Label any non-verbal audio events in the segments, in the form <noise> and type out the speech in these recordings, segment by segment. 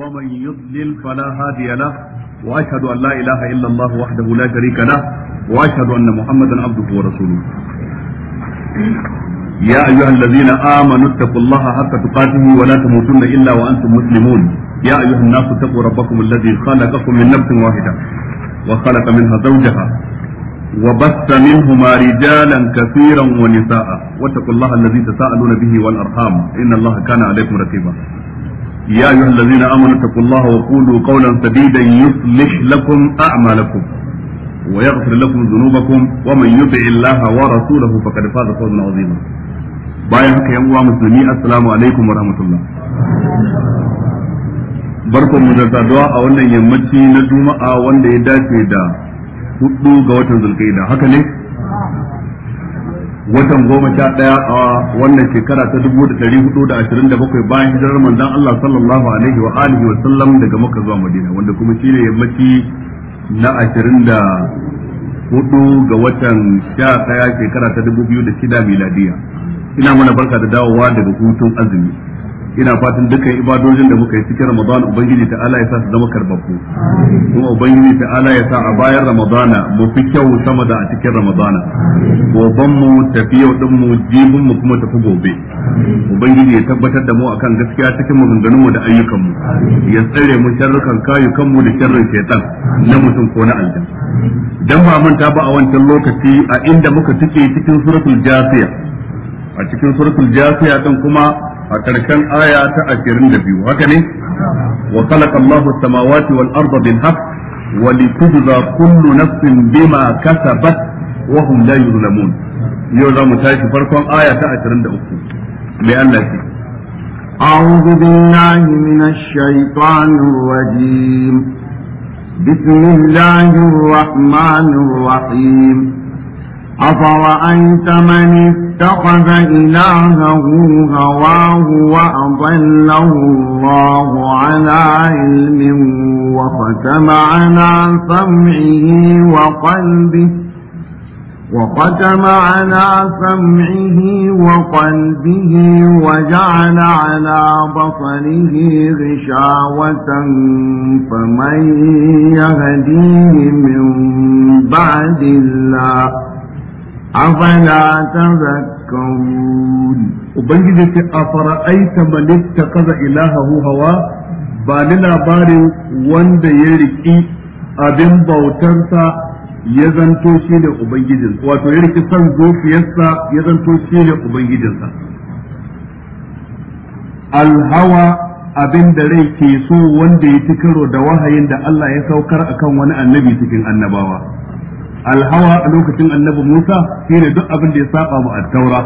ومن يضلل فلا هادي له واشهد ان لا اله الا الله وحده لا شريك له واشهد ان محمدا عبده ورسوله يا ايها الذين امنوا اتقوا الله حق تقاته ولا تموتن الا وانتم مسلمون يا ايها الناس اتقوا ربكم الذي خلقكم من نفس واحده وخلق منها زوجها وبث منهما رجالا كثيرا ونساء واتقوا الله الذي تساءلون به والارحام ان الله كان عليكم رقيبا يا أيها الذين آمنوا اتقوا الله وقولوا قولا سديدا يصلح لكم أعمالكم ويغفر لكم ذنوبكم ومن يطع الله ورسوله فقد فاز فوزا عظيما bayan haka yan uwa musulmi assalamu alaikum warahmatullah Barkon mu da saduwa a wannan yammaci na juma'a wanda ya dace da hudu ga watan zulkaida haka ne watan goma sha ɗaya a wannan shekara ta dubu da ɗari hudu da ashirin da bakwai bayan hijirar manzan Allah sallallahu alaihi wa alihi wa sallam daga Makka zuwa Madina wanda kuma shi ne yammaci na ashirin da hudu ga watan sha ɗaya shekara ta dubu biyu da shida miladiya ina mana barka da dawowa daga hutun azumi ina fatan dukkan ibadojin da muka yi cikin ramadan ubangiji ta ala ya sa su zama karbabbu kuma ubangiji ta ala ya sa a bayan ramadana mu fi kyau sama da a cikin ramadana goban mu tafiyau din mu jibin mu kuma tafi gobe ubangiji ya tabbatar da mu akan gaskiya cikin maganganun mu da ayyukan mu ya tsare mu sharrukan kayukan mu da sharrin shaitan na mutum ko na aljan dan ba manta ba a wancan lokaci a inda muka tuke cikin suratul jasiya a cikin suratul jasiya din kuma a karshen aya ta biyu haka ne wa khalaqa Allahu samawati wal arda bil haqq wa litujza kullu nafsin bima kasabat wa hum la yuzlamun yau za mu tashi farkon aya ta uku. mai Allah ce أعوذ بالله من الشيطان الرجيم بسم الله الرحمن الرحيم أفرأيت من اتخذ إلهه هواه وأضله الله على علم وختم على سمعه وقلبه وختم على سمعه وقلبه وجعل على بصره غشاوة فمن يهديه من بعد الله afala tazakkarun ubangiji ce afara'aita ta kaza ilahahu hawa ba ni labarin wanda ya riki abin bautarsa ya zanto shi ne ubangijin wato ya riki son zofiyarsa ya zanto shi ne ubangijinsa alhawa abin da rai ke so wanda ya ci karo da wahayin da Allah ya saukar akan wani annabi cikin annabawa alhawa a lokacin annabi Musa shi ne duk abin da ya saba mu taura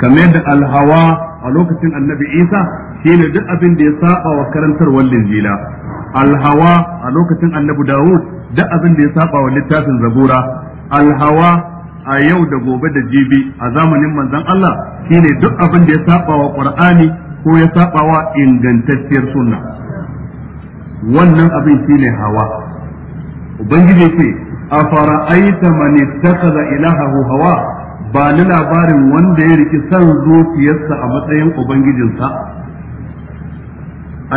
kamar yadda alhawa a lokacin annabi Isa shi ne duk abin da ya saba wa karantarwar linjila alhawa a lokacin annabi Dawud duk abin da ya saba wa littafin zabura alhawa a yau da gobe da jibi a zamanin manzon Allah shi ne duk abin da ya saba wa Qur'ani ko ya saba wa ingantacciyar sunna wannan abin shi ne hawa ubangiji ce afara'aita man ittakhadha ilahahu hawa ba ni labarin wanda ya riki san zuciyarsa a matsayin ubangijinsa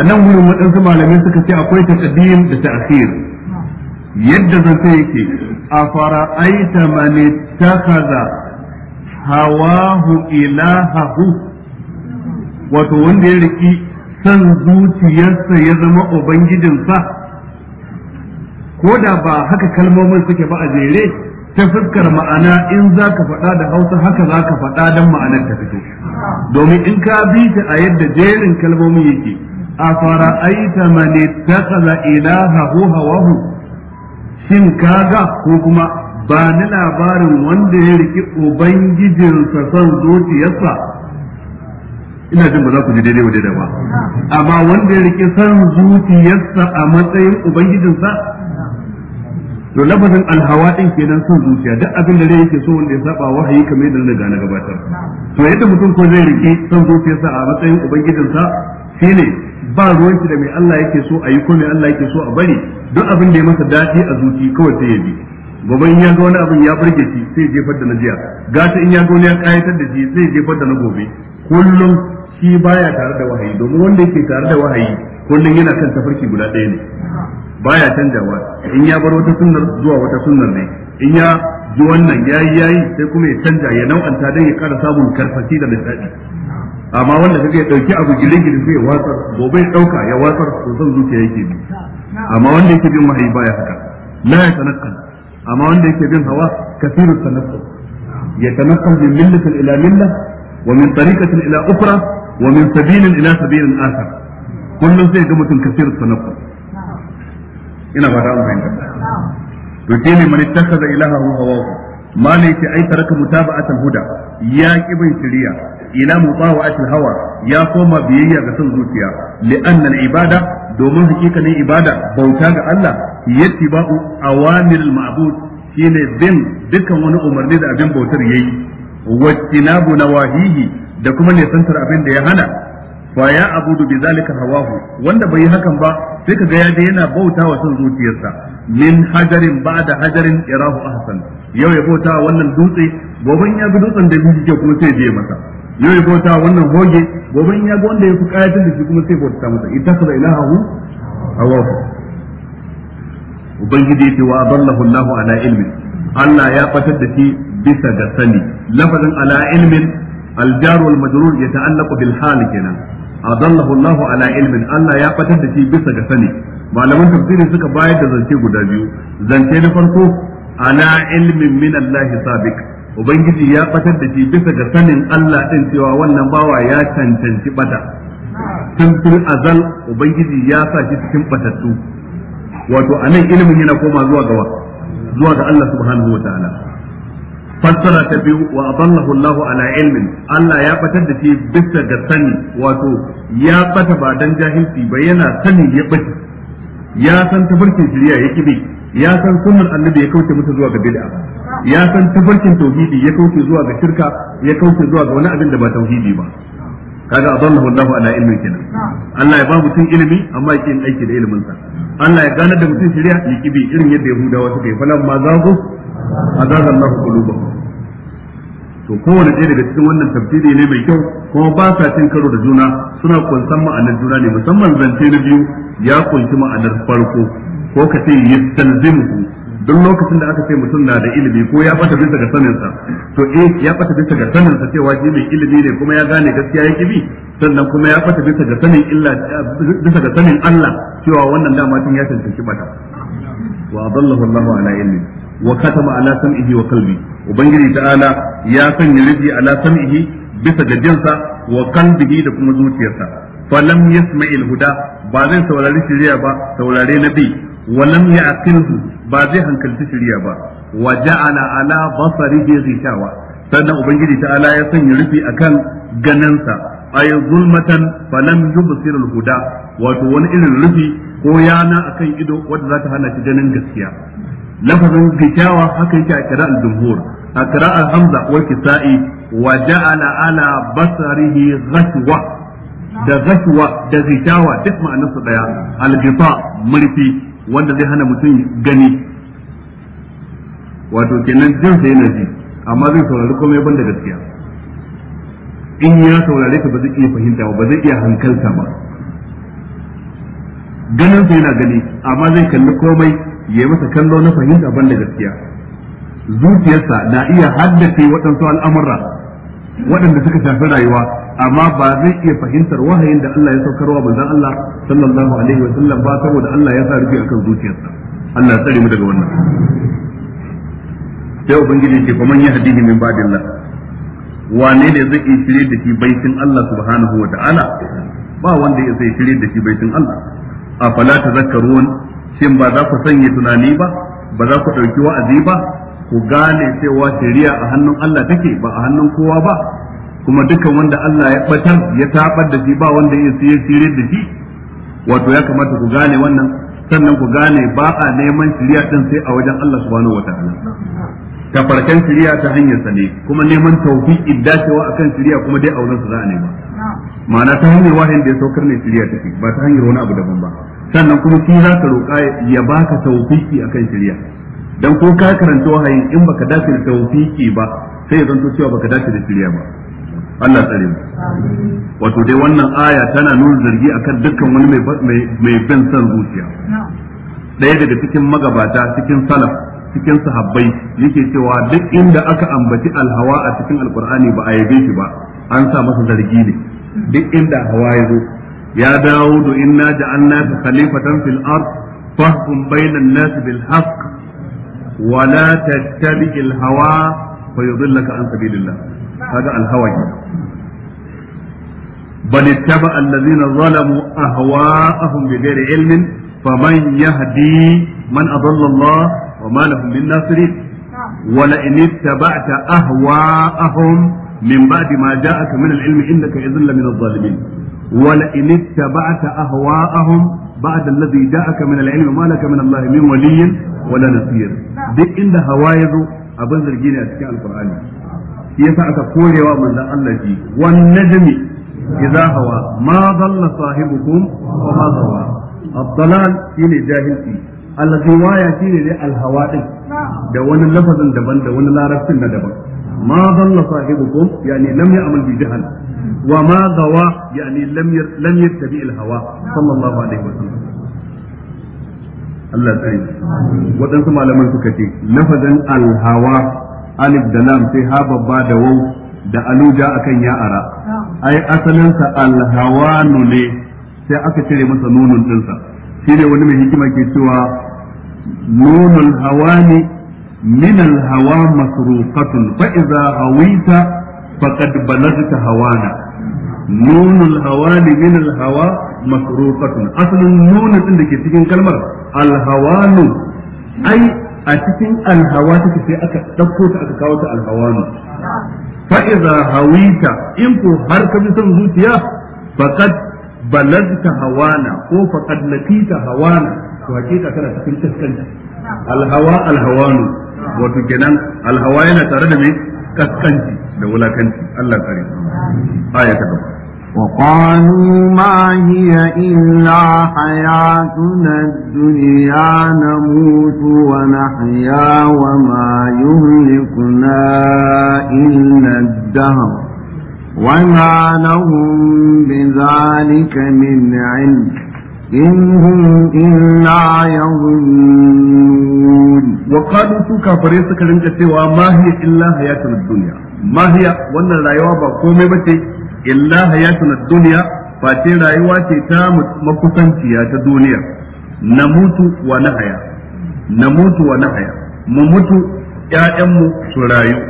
a nan wurin waɗansu malamai suka ce akwai taqdim da ta'khir yadda zance yake afara'aita man hawa hawahu ilahahu wato wanda ya riki san zuciyarsa ya zama ubangijinsa ko da ba haka kalmomin suke ba a jere ta fuskar ma'ana in za ka faɗa da hausa haka za ka faɗa don ma'anar ta fito domin in ka bi ta a yadda jerin kalmomin yake a fara fara'aita mani taƙala ilahahu hawahu shin kaga ko kuma ba ni labarin wanda ya riƙi ubangijinsa son zuciyarsa ina jin ba za ku ji daidai wadai da ba amma wanda ya riƙi son zuciyarsa a matsayin ubangijinsa to lafazin alhawa din kenan son zuciya duk abin da yake so wanda ya saba wahayi kamar yadda na gane gabatar to yadda mutum ko zai rike son zuciyarsa a matsayin ubangijinsa shine ba ruwanci da mai Allah yake so a yi ko mai Allah yake so a bari duk abin da ya masa daɗi a zuci kawai sai ya bi gobe ya ga wani abin ya burge shi sai jefar da na jiya gata in ya ga wani ya kayatar da shi sai jefar da na gobe kullum shi baya tare da wahayi domin wanda yake tare da wahayi kullum yana kan tafarki guda ɗaya ne baya canjawa in ya bar wata sunnar zuwa wata sunnar ne in ya ji wannan yayi yayi sai kuma ya canja ya nau'anta dan ya kara samun karfafi da lissafi amma wanda kaga ya dauki abu girin-girin sai ya watsar gobe ya dauka ya watsar to san zuciya yake bi amma wanda yake bin wahayi baya haka la ya tanakkal amma wanda yake bin hawa kasiru tanakkal ya tanakkal min millatin ila millah wa min tariqatin ila ukhra wa min sabilin ila sabilin akhar kullum sai ga mutum kasiru tanakkal ina ba da fahimta. to ke ne mani man hawa ku ma ne ce ai taraka can huda ya ki bin shari'a ila can hawa ya koma biyayya ga son zuciya an al-ibada domin hakikanin ibada bauta ga Allah ba yattiba'u awamirul ma'bud shine bin dukkan wani umarni da abin bautar yayi na nawahihi da kuma ne santar abin da ya hana fa ya abudu bi zalika hawahu wanda bai yi hakan ba sai kaga ya je yana bauta wa son zuciyarsa min hajarin ba'da hajarin irahu ahsan yau ya bauta wannan dutse goban ya ga dutsen da biji ke kuma sai je masa yau ya bauta wannan hoge goban ya ga wanda ya fi kayatar da shi kuma sai bauta masa ittakhadha ilahahu hawahu ubangiji ya ce wa adallahu Allahu ala ilmin Allah ya fatar da shi bisa ga sani lafazin ala ilmin الجار والمجرور يتعلق بالحال كنا أضله الله على علم الله يا فتن تشي بس كسني malaman tafsiri suka bayar da zance guda biyu zance na farko ala ilmin min Allah sabiq ubangiji ya batar da shi bisa ga sanin Allah din cewa wannan bawa ya cancanci bata tun azal ubangiji ya sa shi cikin batattu wato anan ilimin yana koma zuwa ga Allah subhanahu fassara ta biyu wa adallahu Allah ala ilmin Allah ya fatar da shi bisa ga sani wato ya bata ba dan jahilci ba yana sani ya bata ya san tafarkin shari'a ya kibi ya san sunnar annabi ya kauce mata zuwa ga bid'a ya san tafarkin tauhidi ya kauce zuwa ga shirka ya kauce zuwa ga wani abin da ba tauhidi ba kaga adallahu Allah ala ilmin kenan Allah ya ba mutum ilimi amma yake yin aiki da ilimin sa Allah ya ganar da mutum shari'a ya kibi irin yadda Yahudawa suka yi falan ma zago azaba Allah qulubahum to kowane ɗaya daga cikin wannan tafsiri ne mai kyau kuma ba sa cin karo da juna suna kunsan ma'anar juna ne musamman zance na biyu ya kunshi ma'anar farko ko ka ce yastalzimuhu don lokacin da aka ce mutum na da ilimi ko ya bata bisa ga saninsa to eh ya bata bisa ga saninsa cewa shi mai ilimi ne kuma ya gane gaskiya ya bi? sannan kuma ya bata bisa ga sanin illa bisa ga sanin Allah cewa wannan dama tun ya tantance bata wa adallahu Allahu ala ilmi wa katama ala sam'ihi wa qalbi ubangiji ta'ala ya sanya rufi ala sam'ihi bisa ga jinsa wa qalbihi da kuma zuciyarsa falam yasma'il huda ba zai saurari shiriya ba saurare nabi wa lam ya'qilhu ba zai hankalci shiriya ba wa ja'ala ala basarihi ghitawa sannan ubangiji ta'ala ya sanya rufi akan ganinsa ay zulmatan falam yubsir al-huda wato wani irin rufi ko yana akan ido wanda za ta hana shi ganin gaskiya lafazin gishawa haka yake a kira al-jumhur a kira al-hamza wa kisa'i wa ja'ala ala basarihi ghashwa da ghashwa da gishawa duk ma'anarsa daya al-ghita murfi wanda zai hana mutum gani wato kenan jin sai yana ji amma zai saurari komai ban da gaskiya in ya saurare ka ba zai iya fahimta ba zai iya hankalta ba ganin sai yana gani amma zai kalli komai ya masa kallo na fahimta ban da gaskiya zuciyarsa na iya haddace waɗansu al'amurra waɗanda suka shafi rayuwa amma ba zai iya fahimtar wahayin da Allah ya saukarwa manzon Allah sallallahu alaihi wa sallam ba saboda Allah ya sa rufi akan zuciyarsa Allah ya tsare mu daga wannan sai ubangiji ce fa man yahdihi min ba'dillah wane ne zai iya shirye da shi baitin Allah subhanahu wa ta'ala ba wanda ya zai shirye da shi baitin Allah A afala tazakkarun shin ba za ku sanya tunani ba ba za ku ɗauki wa'azi ba ku gane cewa shari'a a hannun Allah take ba a hannun kowa ba kuma dukkan wanda Allah ya batar ya tabar da shi ba wanda ya siye sire da shi wato ya kamata ku gane wannan sannan ku gane ba a neman shari'a din sai a wajen Allah subhanahu wataala tafarkan shari'a ta hanyar sa ne kuma neman tawfiqi dacewa akan shari'a kuma dai a wurin sa za a nema ma'ana ta hanyar wahayin da ya saukar ne shari'a take ba ta hanyar wani abu daban ba sannan kuma shi za ka roƙa ya baka tawfiki akan shari'a Don ko ka karanta wahayi in baka dace da tawfiki ba sai ya zanto cewa baka dace da shari'a ba Allah tsare mu wato dai wannan aya tana nuna zargi akan dukkan wani mai mai bin son zuciya ɗaya daga cikin magabata cikin salaf cikin sahabbai yake cewa duk inda aka ambaci alhawa a cikin alqur'ani ba a yabe shi ba an sa masa zargi ne duk inda hawa ya zo يا داود إنا جعلناك خليفة في الأرض فاحكم بين الناس بالحق ولا تتبع الهوى فيضلك عن سبيل الله هذا الهوى بل اتبع الذين ظلموا أهواءهم بغير علم فمن يهدي من أضل الله وما لهم من ناصرين ولئن اتبعت أهواءهم من بعد ما جاءك من العلم إنك إذن من الظالمين wala in ittaba'ta ahwa'ahum ba'da alladhi ja'aka min al-ilm ma laka min Allah min waliyyin wala duk inda hawa ya zo abin zargi ne a cikin alqur'ani shi yasa aka korewa manzon Allah shi wan najmi idza hawa ma dalla sahibukum wa ma dawa ad-dalal shine jahilci al-riwaya shine ne al-hawa din da wani lafazin daban da wani larabcin na daban ma dalla sahibukum yani lam وما غوى يعني لم لم يتبع الهوى صلى الله عليه وسلم Allah tsari waɗansu malaman suka ce lafazin alhawa alif da lam sai ha babba da wau da aluja akan ya ara ai asalinsa alhawanu ne sai aka cire masa nunun dinsa shi ne wani mai hikima ke cewa nunul hawani min alhawa masruqatun fa a hawita faqad balagta hawana nunul hawani min al hawa masrufatun asalin nunun din da ke cikin kalmar al ai a cikin al hawa take sai aka dauko ta aka kawo ta al hawanu fa in ko har ka bi son zuciya faqad balagta hawana ko faqad laqita yana tare da mai kaskanci da wulakanci Allah kare aya ta gaba وقالوا ما هي إلا حياتنا الدنيا نموت ونحيا وما يهلكنا إلا الدهر وما لهم بذلك من علم إن هم إلا يظنون وقالوا سوكا فريسة لنك سوى ما هي إلا حياتنا الدنيا ما هي وانا لا يوابا قومي بتي إلا حياتنا الدنيا فاتي لا يواتي تامت تام فيها الدنيا نموت ونحيا نموت ونحيا مموت يا أم سرايو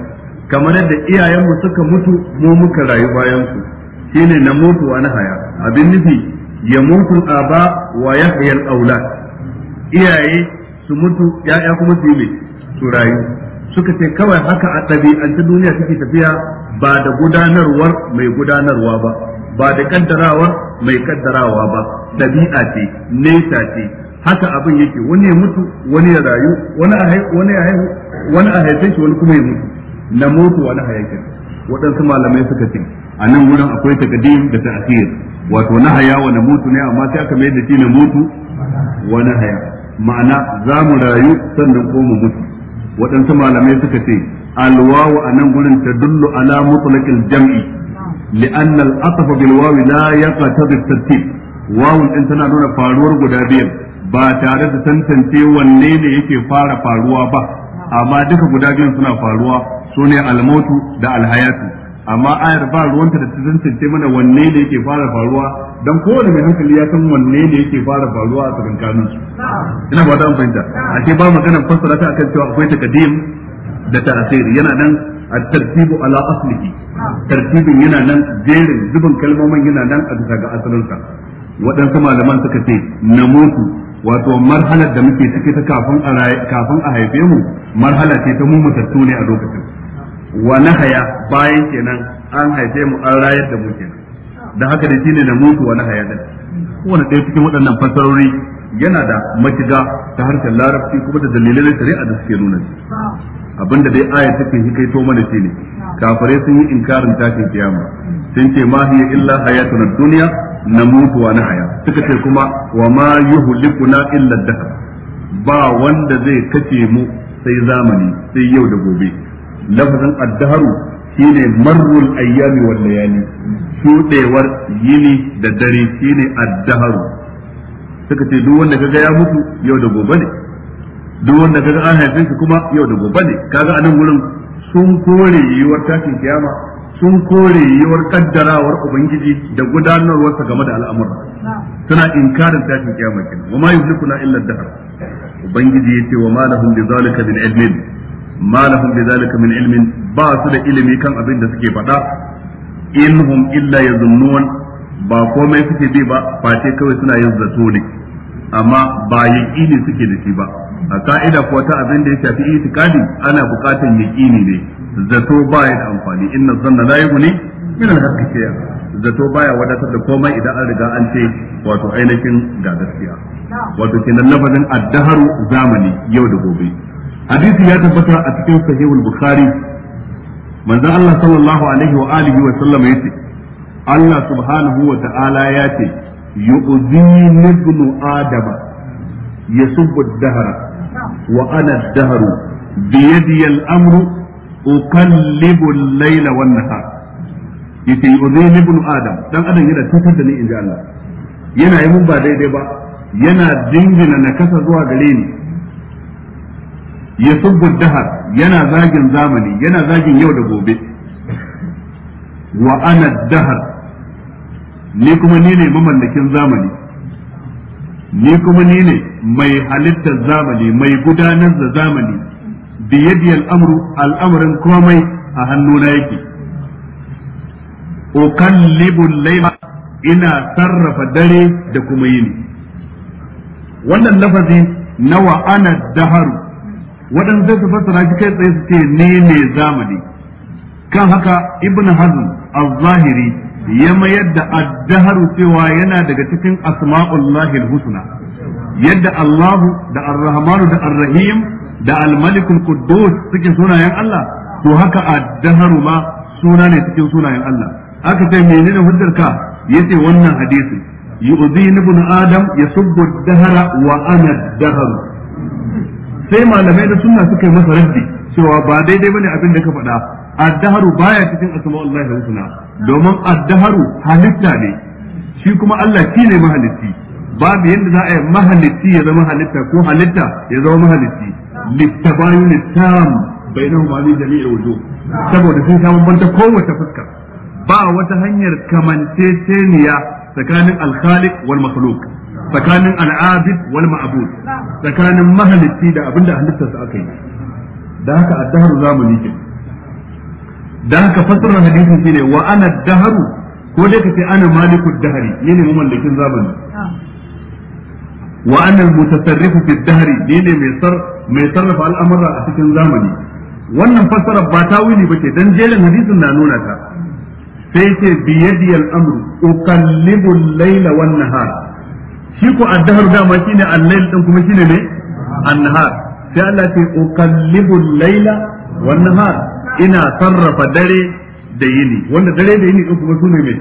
kamar yadda iyayenmu suka mutu mu muka rayu bayan su shine na mutu na haya abin nufi mutu aba wa yahya al-aulad iyaye su mutu ya'ya kuma su yi su rayu suka ce kawai haka a ɗabi'anta duniya suke tafiya ba da gudanarwar mai gudanarwa ba ba da kaddarawar mai kaddarawa ba ɗabi'a ce nesa ce haka abin yake wani ya mutu wani ya rayu wani a haihu wani a haife shi wani kuma ya mutu na mutu wani hayakin waɗansu malamai suka ce a nan wurin akwai takadim da ta'khir wato na haya wa namutu ne amma sai aka mai da shi namutu wa na haya ma'ana za mu rayu sannan ko mu mutu waɗansu malamai suka ce alwawu a nan gurin ta dullu ala mutlaqil jam'i li'an al-ataf bil wawi la yaqtadi at-tartib wawun din tana nuna faruwar guda biyan ba tare da tantancewan wanne ne yake fara faruwa ba amma duka guda biyan suna faruwa sune al da alhayatu. amma ayar ba ruwanta da tantance mana wanne ne yake fara faruwa dan kowane mai hankali ya san wanne ne yake fara faruwa a tsakankanin su ina ba an fahimta ake ba magana fassara ta akan cewa akwai takadim da ta'asir yana nan at-tartibu ala aslihi tartibin yana nan jerin zubin kalmomin yana nan a bisa ga asalinsa waɗansu malaman suka ce na mutu wato marhalar da muke ciki ta kafin a haife mu marhala ce ta mu mutattu ne a lokacin wa nahaya bayan kenan an haife mu an rayar da mu kenan da haka da shine da mutu wa nahaya din wani ɗaya cikin waɗannan fasarori yana da mashiga ta harshen larabci kuma da dalilai shari'a da suke nuna abinda dai aya take to mana shine kafare sun yi inkarin tashin kiyama sun ce ma hiya illa hayatuna dunya namutu wa nahaya suka ce kuma wa ma yuhlikuna illa dahr ba wanda zai kace mu sai zamani sai yau da gobe lafazin addaharu shine marrul ayyami wal layali shudewar yini da dare shine addaharu suka ce duk wanda kaga ya mutu yau da gobe ne duk wanda kaga an haife shi kuma yau da gobe ne kaga anan wurin sun kore yiwuwar tashin kiyama sun kore yiwuwar kaddarawar ubangiji da gudanarwarsa game da al'amura suna inkarin tashin kiyama kenan wa ma yuzlikuna illa dahar ubangiji yace wa ma lahum bi zalika min ilmin Malamin lahum bidhalika min ilmin ba su da ilimi kan abin da suke faɗa in hum illa yazunnun ba komai suke bi ba face kawai suna yin zato ne amma ba yaqini suke da shi ba a ka'ida ko abin da ya shafi itikadi ana buƙatar yaqini ne zato baya da amfani inna zanna la yughni min al-haqqi zato baya wadatar da komai idan an riga an ce wato ainihin ga gaskiya wato kenan lafazin addaharu zamani yau da gobe hadisi ya tabbata a cikin sahihul bukhari manzo Allah sallallahu alaihi wa alihi wa sallam yace Allah subhanahu wa ta'ala ya ce yu'zini ibnu adama yasubbu ad-dahra wa ana ad-dahru bi yadi al-amru uqallibu al-layla wan-nahar yace yu'zini ibnu adam dan adam yana tutar da ni inji Allah yana yi mun ba daidai ba yana dingina kasa zuwa gare ni yasubbu dahar yana zagin zamani yana zagin yau da gobe wa ana dahar ni kuma ni ne mamallakin zamani ni kuma ni ne mai halittar zamani mai gudanar da zamani biyadi al'amru al'amarin komai a hannuna yake ukallibul layla ina sarrafa dare da kuma yini wannan lafazi na wa'anar ana daharu waɗanda zai fassara shi kai tsaye su ce ne mai zamani kan haka ibn hazm al-zahiri ya mayar da addaharu cewa yana daga cikin asma'ullahi al-husna yadda Allahu da ar-rahmanu da ar-rahim da al-malik al-quddus suke sunayen Allah to haka addaharu ma suna ne cikin sunayen Allah aka ce menene hujjar ka yace wannan hadisi yu'dhi ibn adam yasubbu ad-dahra wa ana ad sai malamai na sunna suka yi masa raddi cewa ba daidai bane abin da ka faɗa addaharu baya cikin asma'ullahi husna domin addaharu halitta ne shi kuma Allah shi ne mahalitti babu yadda za a yi mahalitti ya zama halitta ko halitta ya zama mahalitti littabayun tam bainahu ma min jami'i wujuh saboda sun ta bambanta kowace fuska ba wata hanyar kamanceceniya tsakanin al-khaliq wal makhluq tsakanin al'abid wal ma'bud tsakanin mahalicci, da abinda halittarsa aka yi da haka ad-dahru zamani ke da haka fassarar hadisin shine wa ana daharu, ko dai kace ana maliku dahari, dahri ne ne mamallakin zamani wa ana al-mutasarrifu fi ad-dahri ne mai sar mai sarrafa al'amura a cikin zamani wannan fassarar ba ta wuni bace dan jelan hadisin na nuna ta sai ce biyadiyal amru uqallibu al-laila wan nahar shi ko addahar dama shine al-lail din kuma shine ne an-nahar sai Allah ce uqallibu al-laila wan-nahar ina sarrafa dare da yini wanda dare da yini din kuma sune me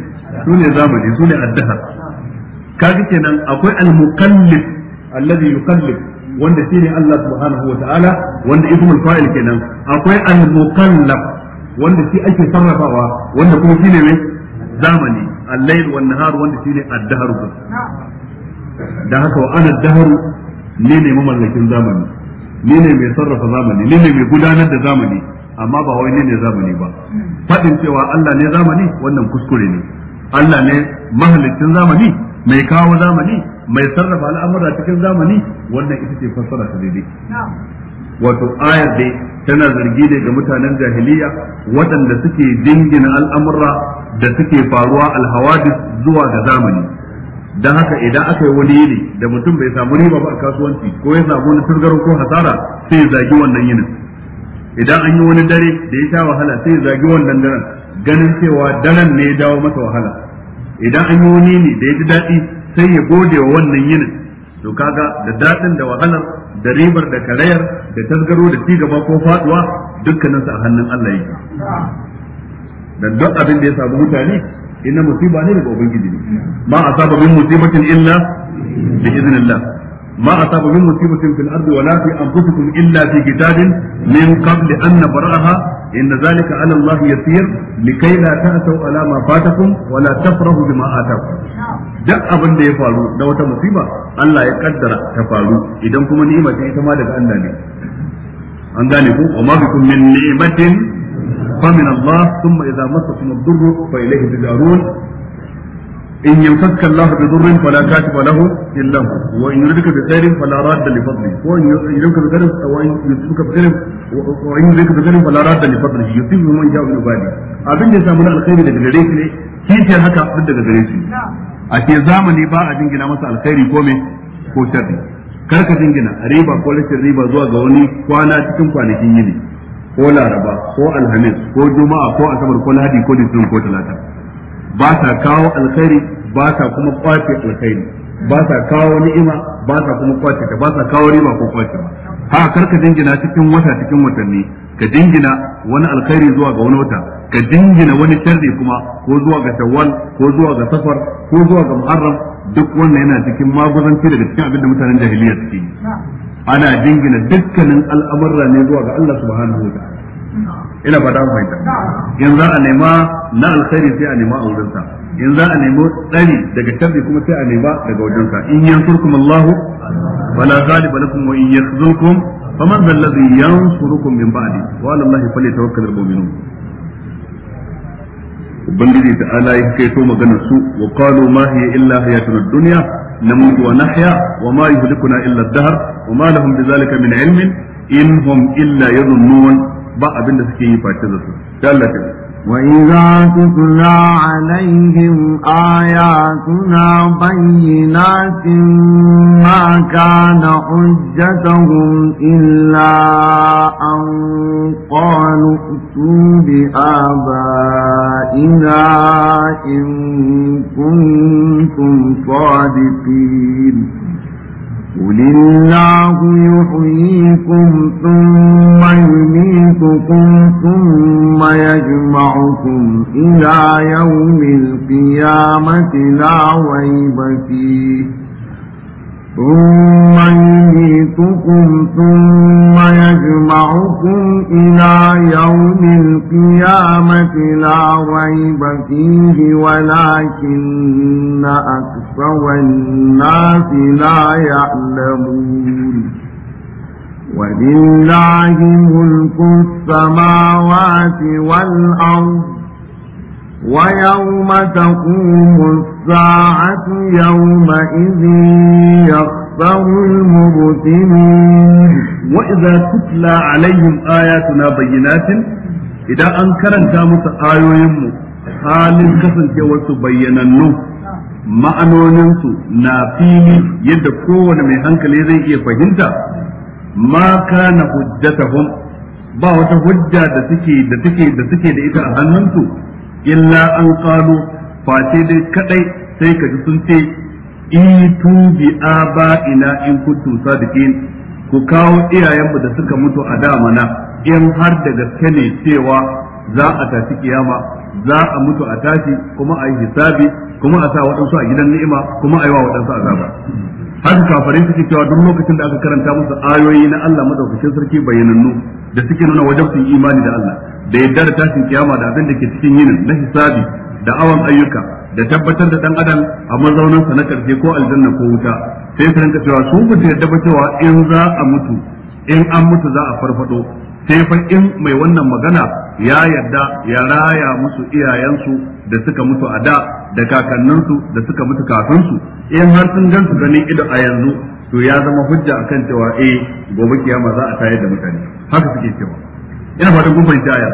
sune zamani sune addahar kaga kenan akwai al-muqallib alladhi yuqallib wanda shine Allah subhanahu wa ta'ala wanda ismul fa'il kenan akwai al-muqallab wanda shi ake sarrafawa wanda kuma shine me zamani al-lail wan-nahar wanda shine addahar Da haka wa ana dahru ne ne mamallakin zamani ne ne mai sarrafa zamani ne ne mai gudanar da zamani amma ba wai ne ne zamani ba Faɗin cewa Allah ne zamani wannan kuskure ne Allah ne mahallicin zamani mai kawo zamani mai sarrafa al'amura cikin zamani wannan ita ce fassara ta daidai wato ayar dai tana zargi ne ga mutanen jahiliya waɗanda suke dingina al'amura da suke faruwa alhawadis zuwa ga zamani dan haka idan aka yi wani yini da mutum bai samu riba ba a kasuwanci ko ya samu wani turgaro ko hasara sai ya zagi wannan yinin idan an yi wani dare da ya sha wahala sai ya zagi wannan daren ganin cewa daren ne ya dawo masa wahala idan an yi wani ne da ya ji daɗi sai ya gode wa wannan yinin to kaga da daɗin da wahalar da ribar da karayar da tasgaro da cigaba ko faduwa dukkaninsu a hannun Allah yake dan duk abin da ya samu mutane inna musiba ne daga ubangiji ne ma asaba min musibatin illa bi idnillah ma asaba min musibatin fil ardi wala fi anfusikum illa fi kitabin min qabl an nabraha inna zalika ala allah yasir likay la ta'tu ala ma fatakum wala tafrahu bima atakum duk abin da ya faru da wata musiba Allah ya kaddara ta faru idan kuma ni'ima ce ita ma daga Allah ne an gane ku wa ma bikum min ni'matin فمن الله ثم إذا مسكم الضر فإليه تجارون إن يمسك الله بضر فلا كاتب له إلا هو وإن يردك بخير فلا راد لفضله وإن يردك بخير وإن يصيبك بخير وإن يردك بخير فلا راد لفضله يصيب من جاء من عباده أبن يسامون الخير لجريك لي كيف هكا ضد جريك أتي زامني با أبن جنا مسا الخير كومي ko sharri kar ka dingina riba ko rashin riba zuwa ga wani kwana cikin kwanakin yini ko laraba ko alhamis ko juma'a ko asabar ko lahadi ko litinin ko talata ba sa kawo alkhairi ba sa kuma kwace alkhairi ba sa kawo ni'ima ba sa kuma kwace ta ba sa kawo riba ko kwace ba ha karka dingina cikin wata cikin watanni ka dingina wani alkhairi zuwa ga wani wata ka dingina wani sharri kuma ko zuwa ga shawwal ko zuwa ga safar ko zuwa ga muharram duk wannan yana cikin maguzanci daga cikin abin da mutanen jahiliya suke yi ana dingina dukkanin al'amurra ne zuwa ga Allah subhanahu wa ta'ala ina ba da fahimta in za a nema na alkhairi sai a nema a wurinsa in za a nemo tsari daga sharri kuma sai a nema daga wajensa in yansurkum Allah fala ghaliba lakum wa in yakhzulkum faman dhal ladhi yansurukum min ba'di wa ala Allah falyatawakkalul mu'minun ubangiji da ala ya kai to magana su wa qalu ma hiya illa hayatun ad-dunya namutu wa nahya wa ma yuhlikuna illa ad-dahr wa ma lahum bidhalika min ilmin in hum illa yadhunnun ba abin da suke yi face da su tallafi وإذا تتلى عليهم آياتنا بينات ما كان حجتهم إلا أن قالوا ائتوا بآبائنا إن كنتم صادقين قل الله يحييكم ثم يميتكم ثم يجمعكم إلى يوم القيامة لا ريب فيه ثم يميتكم ثم يجمعكم إلى يوم القيامة لا ريب فيه ولكن أكثر الناس لا يعلمون ولله ملك السماوات والأرض ويوم تقوم الساعة يومئذ يخسر المبتلين وإذا تتلى عليهم آياتنا بينات إذا أنكرن كامت آيوهم halin kasancewarsu bayyanannu ma'anoninsu na fili yadda kowane mai hankali zai iya fahimta ma kana hujjatahum ba wata hujja da suke da suke da suke da ita a hannunsu illa an qalu fa dai kadai sai ka ji sun ce itu bi ina in kuntum sadiqin ku kawo iyayenmu da suka mutu a damana in har da gaske ne cewa za a tafi kiyama za a mutu a tafi, kuma a yi hisabi kuma a sa waɗansu a gidan ni'ima kuma a yi wa waɗansu azaba haka kafirai suke cewa duk lokacin da aka karanta musu ayoyi na Allah madaukakin sarki bayyanannu da suke nuna wajen su imani da Allah da yadda da tashin kiyama da abin da ke cikin yinin na hisabi da awan ayyuka da tabbatar da dan adam a mazaunin sa na karshe ko aljanna ko wuta sai su ranka cewa su ba yadda ba cewa in za a mutu in an mutu za a farfado sai fa in mai wannan magana ya yadda ya raya musu iyayensu da suka mutu a da da kakanninsu da suka mutu kakansu in har sun gan su ganin ido a yanzu to ya zama hujja akan cewa eh gobe kiyama za a tayar da mutane haka suke cewa ina fatan kun fahimta aya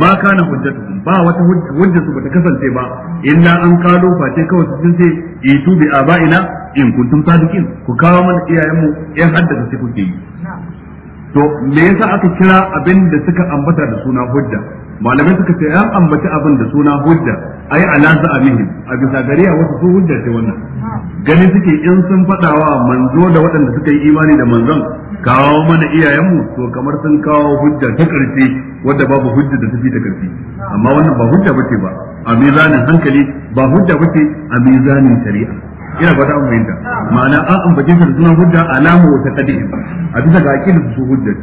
ma kana hujjatu ba wata hujja su bata kasance ba illa an kalo face kawai su sun ce itu bi aba'ina in kuntum sadikin ku kawo mana iyayenmu in haddasa sai kuke yi to me yasa aka kira abin da suka ambata da suna hujja malamai suka ce an ambaci abin da suna hujja ai ala za'abihim a bisa gari a wasu su hujja ce wannan Gani suke in sun fadawa manzo da waɗanda suka yi imani da manzon kawo mana iyayenmu to kamar sun kawo hujja ta karfi wadda babu hujja da tafi ta karfi amma wannan ba hujja bace ba a mizanin hankali ba hujja bace a mizanin shari'a ina fata an fahimta ma'ana an ambace shi da sunan hujja alamu wa taqdim a bisa ga aqidar su hujja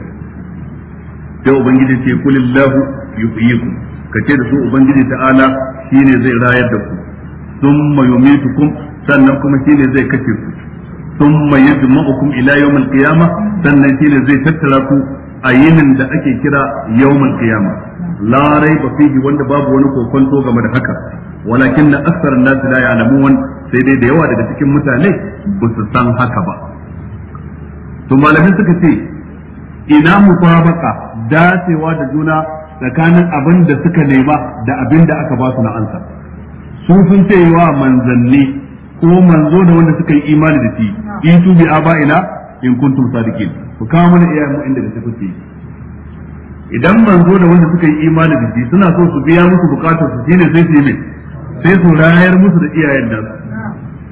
sai ubangiji ce kulillahu yuhyikum kace da su ubangiji ta'ala shine zai rayar da ku thumma yumitukum sannan kuma shine zai kace ku thumma yajma'ukum ila yawm al-qiyamah sannan shine zai tattara ku a yinin da ake kira yawm al-qiyamah la raiba fihi wanda babu wani kokonto game da haka walakin na aksar nasu la wani. sai dai da yawa daga cikin mutane ba su san haka ba to malamin suka ce ina mu baka dacewa da juna tsakanin abin da suka nema da abin da aka ba su na ansa su sun ce wa manzanni ko manzo da wanda suka yi imani da shi in tu bi aba'ina in kuntum sadiqin ku kawo mana iya mu inda da kuke ce. idan manzo da wanda suka yi imani da shi suna so su biya musu bukatar su shine sai su yi mai sai su rayar musu da iyayen nan.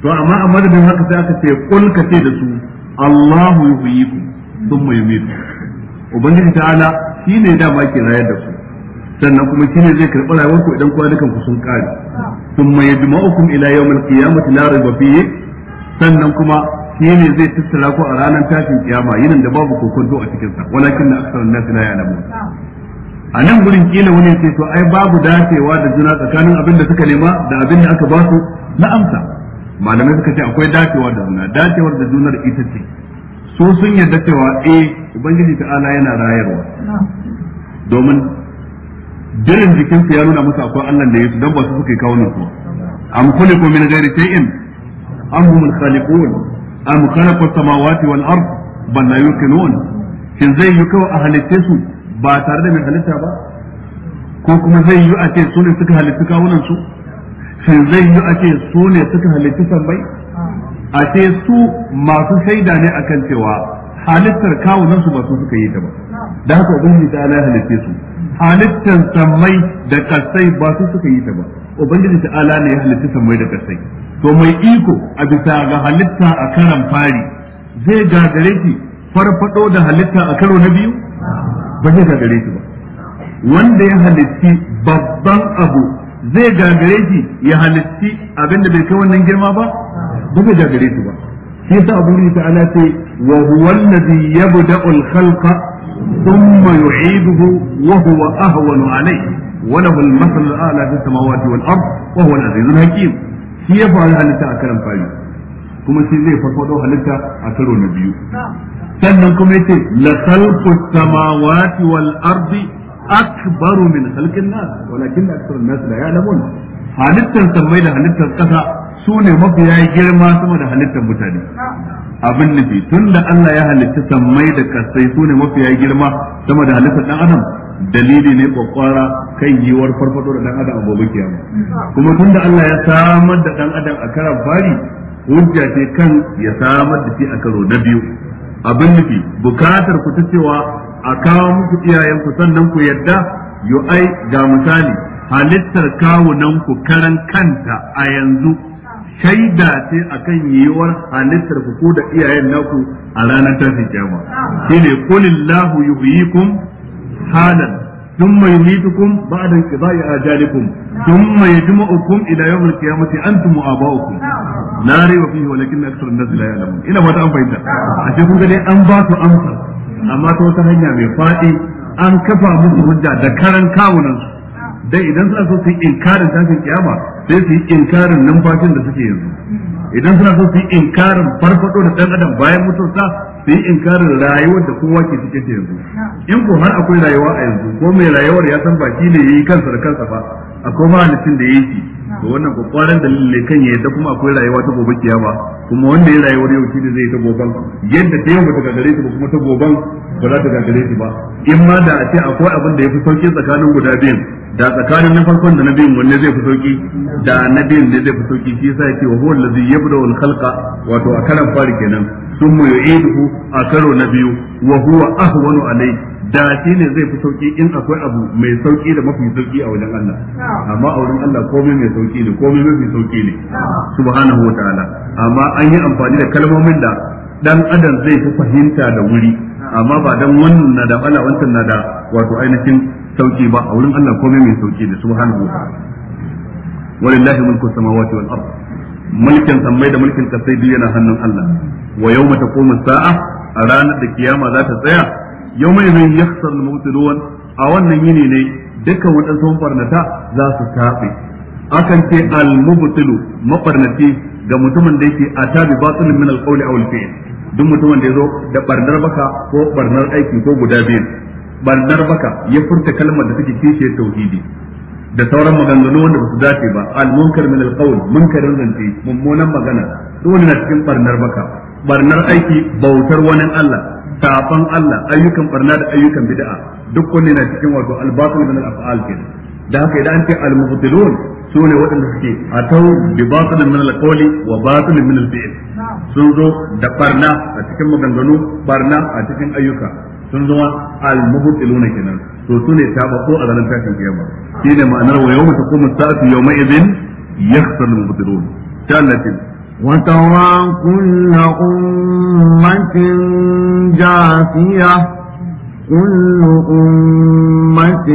to amma a madadin haka sai aka ce kul ka ce da su Allahu yuhyikum thumma yumitu ubangiji ta'ala shine dama ke rayar da su sannan kuma shine zai karɓi rayuwar ku idan kwanukan ku sun kare thumma yajma'ukum ila yawmil qiyamati la rayba fihi sannan kuma shine zai tattara ku a ranar tashin kiyama yinin da babu kokonto a cikin sa walakin aksarun nas la ya'lamun a nan gurin kila wani ce to ai babu dacewa da juna tsakanin abin da suka nema da abin da aka ba su na amsa malamai suka ce akwai dacewa da juna dacewar da junar ita ce su sun yarda cewa eh ubangiji ta'ala yana rayarwa domin jirin jikinsu ya nuna musu akwai Allah da yasu don ba su suka kawo nan kuma am ko min ghairi shay'in am hum al-khaliqun am wati as-samawati wal ard bal la yuqinun shin zai yi kawo a halitta su ba tare da mai halitta ba ko kuma zai yi a ce su ne suka halitta kawunan su shin zai yi a ce su ne suka halitta sammai a ce su masu shaida ne akan cewa halittar kawunan su masu suka yi ta ba da haka ubangiji ta ala halitte su halittar sammai da kasai ba su suka yi ta ba ubangiji ta ala ne ya halitta sammai da kasai to mai iko a bisa ga halitta a karan fari zai gagare shi farfado da halitta a karo na biyu ba zai gagare shi ba wanda ya halitti babban abu zai gagare shi ya halitti abinda bai kai wannan girma ba ba zai gagare shi ba shi yasa abu ta ala ce wa huwa allazi yabda'u al-khalqa thumma yu'iduhu wa huwa ahwanu alayhi wa lahu al-masal al-a'la fi samawati wal ard wa huwa al-aziz al-hakim shi ya fara halitta a karan fari kuma shi zai farfado halitta a karo na biyu sannan kuma yace la khalqu samawati wal ardi akbaru min khalqin nas walakin aktharun nas la ya'lamun halittar samai da halittar kasa su ne mafiya girma sama da halittar mutane abin nufi tun da Allah ya halitta samai da kasai su ne mafiya girma sama da halittar dan adam dalili ne kokwara kan yiwuwar farfado da dan adam a gobe kiyama kuma tun da Allah ya samar da dan adam a karan bari hujja ce kan ya samar da shi a karo na biyu abin nufi bukatar ku ta cewa a kawo muku iyayenku sannan ku yadda yu ai ga misali halittar kawunanku karan kanta a yanzu shaida ce akan yiwuwar halittar ku ko da iyayen naku a ranar tafi kyamma shine kulillahu yuhyikum halan thumma yumitukum ba'da qida'i ajalikum thumma yajma'ukum ila yawm al-qiyamati antum wa aba'ukum nari wa fihi walakin akthar an-nas la ya'lamun ina fata an fahimta ashe kun ga dai an ba su amsa amma ta wata hanya mai faɗi an kafa musu hujja da karan kawunan su dai idan suna so su yi inkarin tashin kiyama sai su yi inkarin numfashin da suke yanzu idan suna so su yi inkarin farfado da ɗan adam bayan mutuwarsa su yi inkarin rayuwar da kowa ke cikin ta yanzu in ko har akwai rayuwa a yanzu ko mai rayuwar ya san baki ne yayi kansa da kansa ba akwai mahalicin da yayi shi to wannan kwakwaran da lalle kan ya yadda kuma akwai rayuwa ta gobe kiyama kuma wanda ya rayuwar yau shi ne zai ta goban yadda ta yau ba ta gagare shi ba kuma ta goban ba za ta gagare shi ba in ma da a ce akwai abin da ya fi sauki tsakanin guda biyun da tsakanin na farkon da na biyun wanne zai fi sauki da na biyun ne zai fi sauki shi yasa yake wa huwa allazi yabda al khalqa wato a karan fari kenan ثم يعيده أكرو نبيه وهو أهون عليه da shi ne zai fi sauki in akwai abu mai sauki da mafi sauki a wajen Allah amma a wurin Allah komai mai sauki ne komai mafi sauki ne subhanahu wa ta'ala amma an yi amfani da kalmomin da dan adam zai fi fahimta da wuri amma ba dan wannan na da bala wancan na da wato ainihin sauki ba a wurin Allah komai mai sauki ne subhanahu wa ta'ala walillahi mulku samawati wal ard mulkin sammai da mulkin kasai duk yana hannun Allah wa mata taqumu sa'a a ranar da kiyama za ta tsaya yawma idhin yahsar al-mubtilun a wannan yini ne dukkan wadansu farnata za su tafi akan ce al-mubtilu mafarnati ga mutumin da yake tabi batil min al-qawli aw al-fi'l duk mutumin da yazo da barnar baka ko barnar aiki ko guda biyu barnar baka ya furta kalmar da take kishe tauhidi da sauran maganganu wanda ba su dace ba al-munkar min al-qawl munkarin zance mummunan magana dole na cikin barnar baka barnar aiki bautar wani Allah saban Allah ayyukan barna da ayyukan bid'a duk wani na cikin wato al-batil min al-af'al kenan da haka idan an ce al-mubtilun su ne waɗanda suke a tau bi batilin min alƙawli wa batilin min alfi'il sun zo da barna a cikin maganganu barna a cikin ayyuka sun zama al-mubtiluna kenan to sune tabaqo a ranar tashin kiyama shine ma'anar wa yawma taqumu as-sa'atu yawma idhin yakhsaru al-mubtilun tallatin وترى كل أمة جاثية كل أمة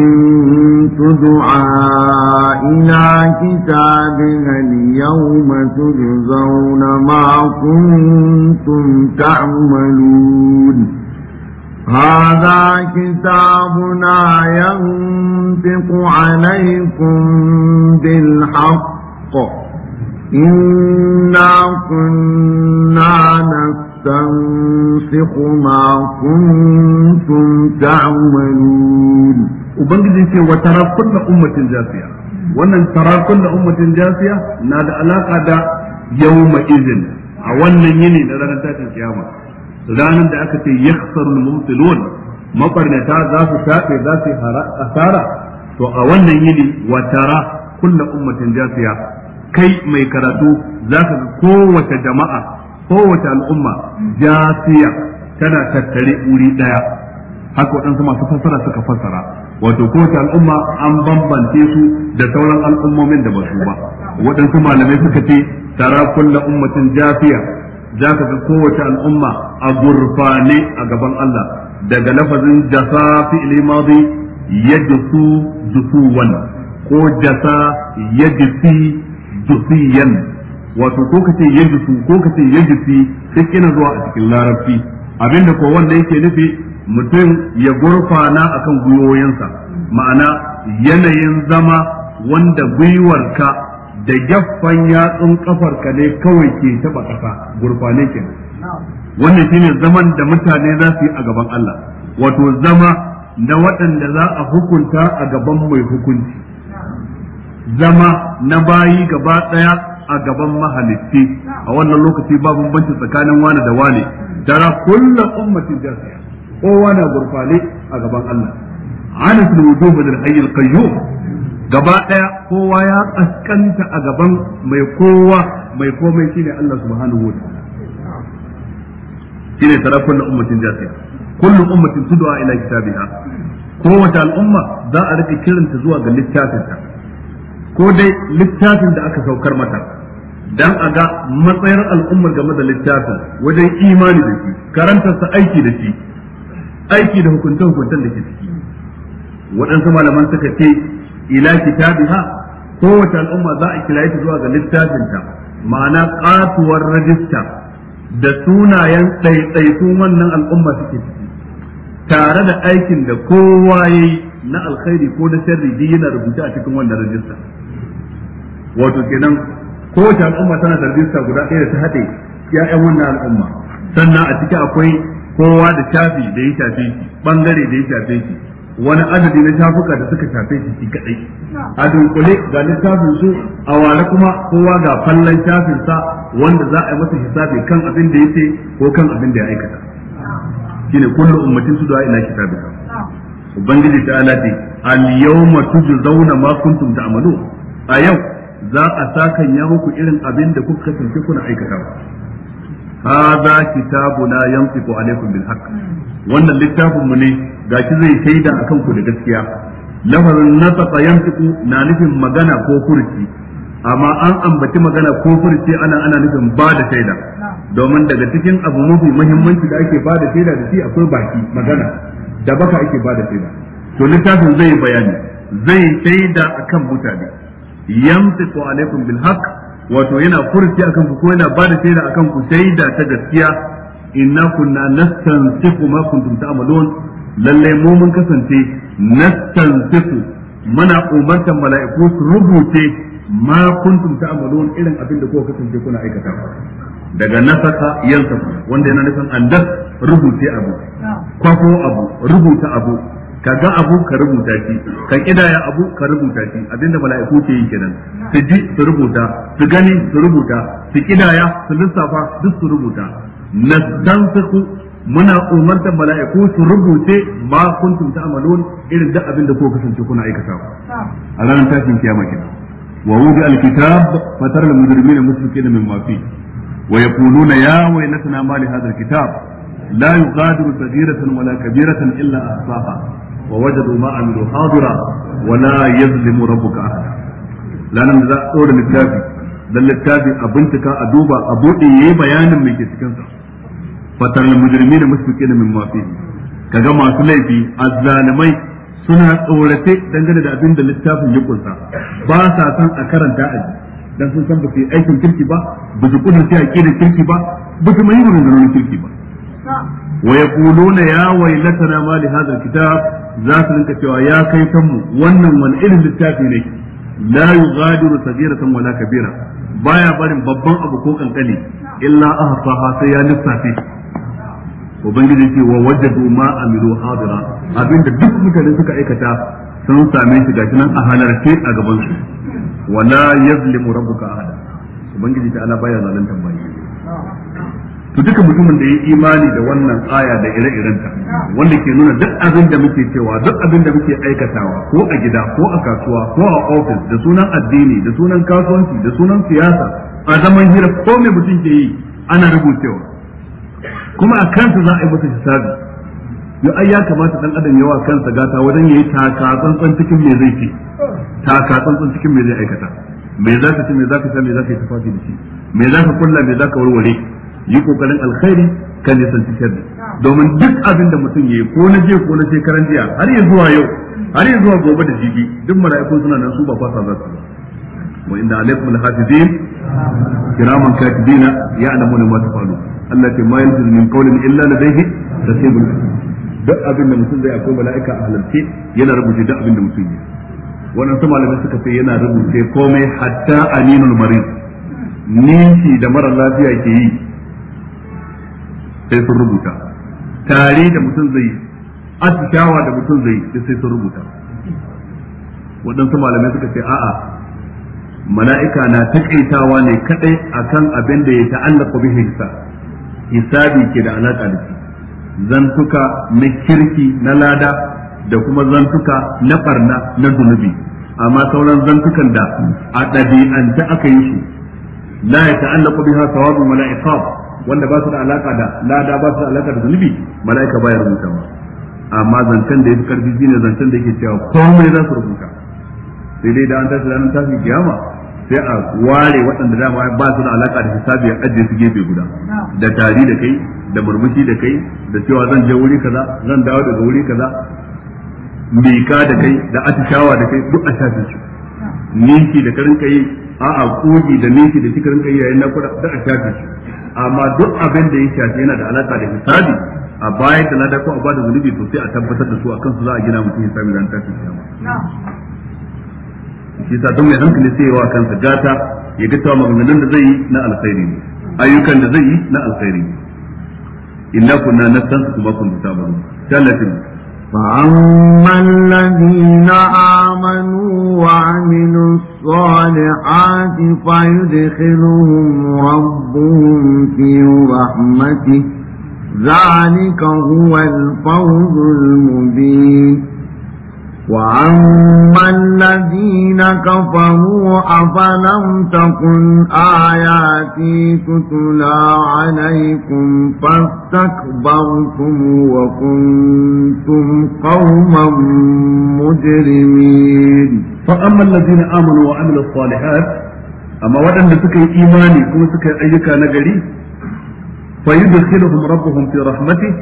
تدعى إلى كتابها اليوم تجزون ما كنتم تعملون هذا كتابنا ينطق عليكم بالحق إنا كنا نستنسخ ما كنتم تعملون وبنجد وترى كل أمة جاثية wannan tara kullu ummatin na da alaƙa da yawma izin a wannan yini na ranar tashin kiyama ranar da aka ce yakhsarul mumtilun mabarnata za su tafe za su asara to a wannan yini wa tara kullu ummatin jasiya kai mai karatu za ka ga kowace jama'a kowace al'umma jasiya tana tattare wuri daya haka waɗansu masu fassara suka fassara wato kowace al'umma an bambance su da sauran al'ummomin da ba su ba waɗansu malamai suka ce tara kullu ummatin jasiya za ka ga kowace al'umma a gurfane a gaban Allah daga lafazin jasa fi ilimadi ya dusu dusuwan ko jasa ya dusi dusiyan wato ko kace ya dusu ko kace ya dusi duk ina zuwa a cikin larabci abinda ko wanda yake nufi mutum ya gurfana akan gwiwoyinsa ma'ana yanayin zama wanda gwiwarka da gaffan yatsun ka ne kawai ke taba kasa gurfane ke wannan shine zaman da mutane za su yi a gaban Allah wato zama na waɗanda za a hukunta a gaban mai hukunci zama na bayi gaba ɗaya a gaban mahalicci a wannan lokaci ba bambanci tsakanin wani da wani dara kullum ummatin jasiya kowa na gurfane a gaban Allah anas al-wujuh da hayy qayyum gaba ɗaya kowa ya kaskanta a gaban mai kowa mai komai shine Allah subhanahu wa ta'ala shine sarakun na ummatin jasiya kullu ummatin tud'a ila kitabiha kowace al'umma za a rike kiranta zuwa ga littafinta ko dai littafin da aka saukar mata dan a ga matsayar al'ummar game da littafin wajen imani da shi karantarsa aiki da shi aiki da hukunta hukuntan da ke ciki waɗansu malaman suka ce ila kitabiha kowace al'umma za a kira ta zuwa ga littafinta ma'ana katuwar rajista da sunayen ɗaiɗaikun wannan al'umma suke ciki tare da aikin da kowa ya yi na alkhairi ko na sharri duk yana rubuta a cikin wannan rajista wato kenan kowace al'umma tana da rajista guda ɗaya da ta haɗe ya'yan wannan al'umma sannan a ciki akwai kowa da shafi da ya shafe shi bangare da ya shafe shi wani adadi na shafuka da suka shafe shi shi kadai a dunkule ga littafin su a ware kuma kowa ga fallon shafin sa wanda za a yi masa hisabi kan abin da yake ko kan abin da ya aikata shine kullu ummatin su da ina kitabi ubangiji ta ala al yawma tujzauna ma kuntum ta'malu a yau za a sakan ya muku irin abin da kuka kasance kuna aikata hadha kitabuna yantiqu alaykum bil haqq wannan littafin mu ne gashi zai shaida akan ku da gaskiya lafazin nasaqa ku na nufin magana ko furci amma an ambaci magana ko furci ana ana nufin ba da shaida domin daga cikin abu mafi muhimmanci da ake ba da shaida da shi akwai baki magana da baka ake ba da shaida to littafin zai bayani zai shaida akan mutane yantiqu alaykum bil haqq wato yana furci akan ku ko yana ba da shaida akan ku shaida ta gaskiya inna kunna nastansifu ma kuntum ta'malun lalle mu mun kasance nastansifu mana umartan mala'iku su rubuce ma kuntum ta'malun irin abin da kuka kasance kuna aikata daga nasaka yansa wanda yana nufin andas rubuce abu kwafo abu rubuta abu ka ga abu ka rubuta shi ka kidaya abu ka rubuta shi abinda mala'iku ke yi kenan su ji su rubuta su gani su rubuta su kidaya su lissafa duk su rubuta nastansiku muna umartar mala'iku su rubuce ma kuntum ta'malun irin da abin da ko kasance kuna aikata a ranar tashin kiyama kenan wa wudi alkitab fatar al mujrimina mushrikina mimma fi wa yaquluna ya waylatana ma li hadha alkitab la yughadiru saghiratan wala kabiratan illa ahsaha ووجدوا ما عملوا حاضرا ولا يظلم ربك أحدا لأن ذا أول الكتاب dan littafi a bincika a duba a buɗe ya yi bayanin mai ke cikinsa fatar mujirmi da musulki da min mafi kaga masu laifi azalimai suna tsorace dangane da abinda da littafin ya kunsa ba sa san a karanta a dan sun san ba su yi aikin kirki ba ba su kudurce a kidan kirki ba ba su mai maganganun kirki ba wa yaquluna ya waylatana ma li hadha alkitab za su rinka cewa ya kai kanmu wannan wani irin littafi ne la yughadiru sagiratan wala kabira baya barin babban abu ko kankani illa ahsaha sai ya lissafe ubangiji ce wa wajadu ma amilu hadira abinda duk mutane suka aikata sun same shi gashi nan a halarce a gaban su wala yazlimu rabbuka ahada ubangiji ta ala baya zalunta bayi to duka mutumin da ya imani da wannan aya da ire-irenta wanda ke nuna duk abin da muke cewa duk abin da muke aikatawa ko a gida ko a kasuwa ko a ofis da sunan addini da sunan kasuwanci da sunan siyasa a zaman hira ko mai mutum ke yi ana rubutewa kuma a kansa za a yi masa hisabi yo ai ya kamata dan adam yawa kansa gata wajen yayi taka tsantsan cikin me zai ci taka tsantsan cikin me zai aikata me za ka ci me za ka sha me za ka yi tafafi da shi me za ka kulla me za ka warware yi kokarin alkhairi kan ya santi sharri domin duk abin da mutum yayi ko na je ko na shekaran jiya har ya zuwa yau har ya zuwa gobe da jibi duk mala'iku suna nan su ba fasa za su wa inna alaikum alhafizin kiraman katibina ya'lamuna ma tafalun Allah ya ma yalzu min qawlin illa ladayhi rasibun duk abin da mutum zai akwai mala'ika a halarce yana rubuce duk abin da mutum yi su malamai suka ce yana rubuce komai hatta aninul marid ninki da mara lafiya ke yi sai sun rubuta tare da mutum zai atishawa da mutum zai sai sun rubuta waɗansu malamai suka ce a'a mala'ika na taƙaitawa ne kaɗai akan abin da ya ta'allaka bihi hisab hisabi ke da alaƙa da shi zantuka na kirki na lada da kuma zantuka na barna na zunubi amma sauran zantukan da a ɗabi'anta aka yi su la ya ta'allaqu biha thawabun wala wanda ba su da alaka da lada ba su da alaka da zunubi mala'ika baya ba, amma zancen da ya fi karfi shine zancen da yake cewa komai za su rubuta sai dai da an tashi ranar tashi kiyama sai a ware waɗanda dama ba su da alaka da hisabi ya ajiye su gefe guda da tari da kai da murmushi da kai da cewa zan je wuri kaza zan dawo daga wuri kaza mika da kai da atishawa da kai duk a shafi su ninki da karin kai a'a kogi da ninki da kika rinka yayin nakuda da a shafe su amma duk abin da ya shafi yana da alaka da hisabi a bayan da lada ko a bada zunubi to sai a tabbatar da su a kansu za a gina mutum hisabi ran tashin kiyama shi sa don mai hankali sai yawa kansa gata ya ga tawa maganganun da zai yi na alkhairi ne ayyukan da zai yi na alkhairi ne inna kunna nastansu kuma kuntum tabarun tallatin فأما الذين آمنوا وعملوا الصالحات فيدخلهم ربهم في رحمته ذلك هو الفوز المبين وأما الذين كفروا أفلم تكن آياتي تتلى عليكم فاستكبرتم وكنتم قوما مجرمين فأما الذين آمنوا وعملوا الصالحات أما ودن سكي إيماني كما سكي أيكا نجري فيدخلهم ربهم في رحمته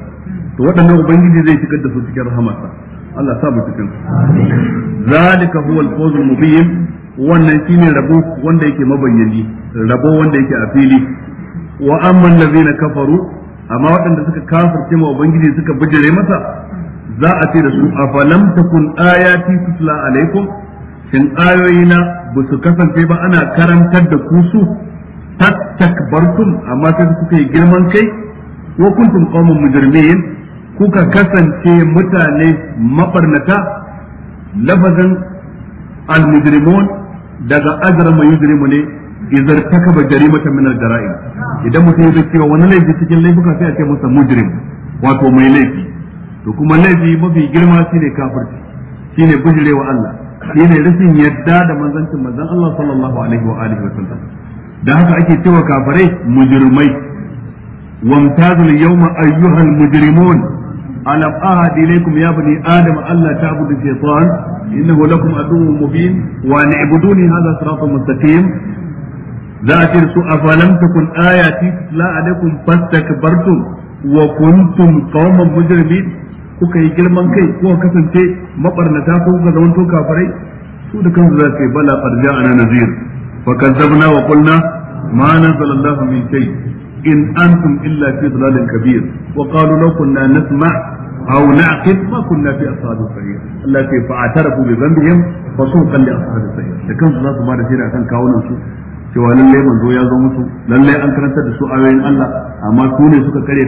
ودن أبنجي زي تكدسوا تكي رحمته Allah sa mu cikin zalika huwa al-fawz al-mubin wannan shine rabo wanda yake mabayyani rabo wanda yake a fili wa amma allazina kafaru amma waɗanda suka kafirce ma ubangiji suka bujire masa za a ce da su afalam takun ayati tutla alaikum shin ayoyina ba su kasance ba ana karantar da ku su tattakbartum amma sai kuka yi girman kai wa kuntum qawmun mujrimin kuka kasance mutane mabarnata lafazin al-mujrimun daga azrama yujrimu ne idan takaba jarimatan min al-jara'im idan mutum ya cewa wani laifi cikin laifuka sai a ce masa mujrim wato mai laifi to kuma laifi mafi girma shine kafirci shine bujirewa Allah shine rashin yadda da manzancin manzon Allah sallallahu alaihi wa alihi wa sallam da haka ake cewa kafirai mujrimai wamtazul yawma ayyuhal mujrimun alam ahad ilaykum ya bani Allah ta ta'budu shaytan innahu lakum aduwwun mubin wa an ibuduni hadha siratun mustaqim za a ce su afalam takun ayati la alaikum fastakbartum wa kuntum qauman mujrimin kuka yi girman kai ko kasance mabarnata ko kuka zamanto kafirai su da kansu za su yi bala arja'ana nazir fa kazzabna wa qulna ma nazzala Allahu min shay' in antum illa fi dhalalin kabir wa qalu kunna nasma' aw na'qid ma kunna fi ashabi sahih Allah ke fa atarafu bi dhanbihim fa suqan li ashabi sahih da kansu za su ba da shaida kan kawunan su cewa lallai manzo ya zo musu lallai an karantar da su ayoyin Allah amma su ne suka kare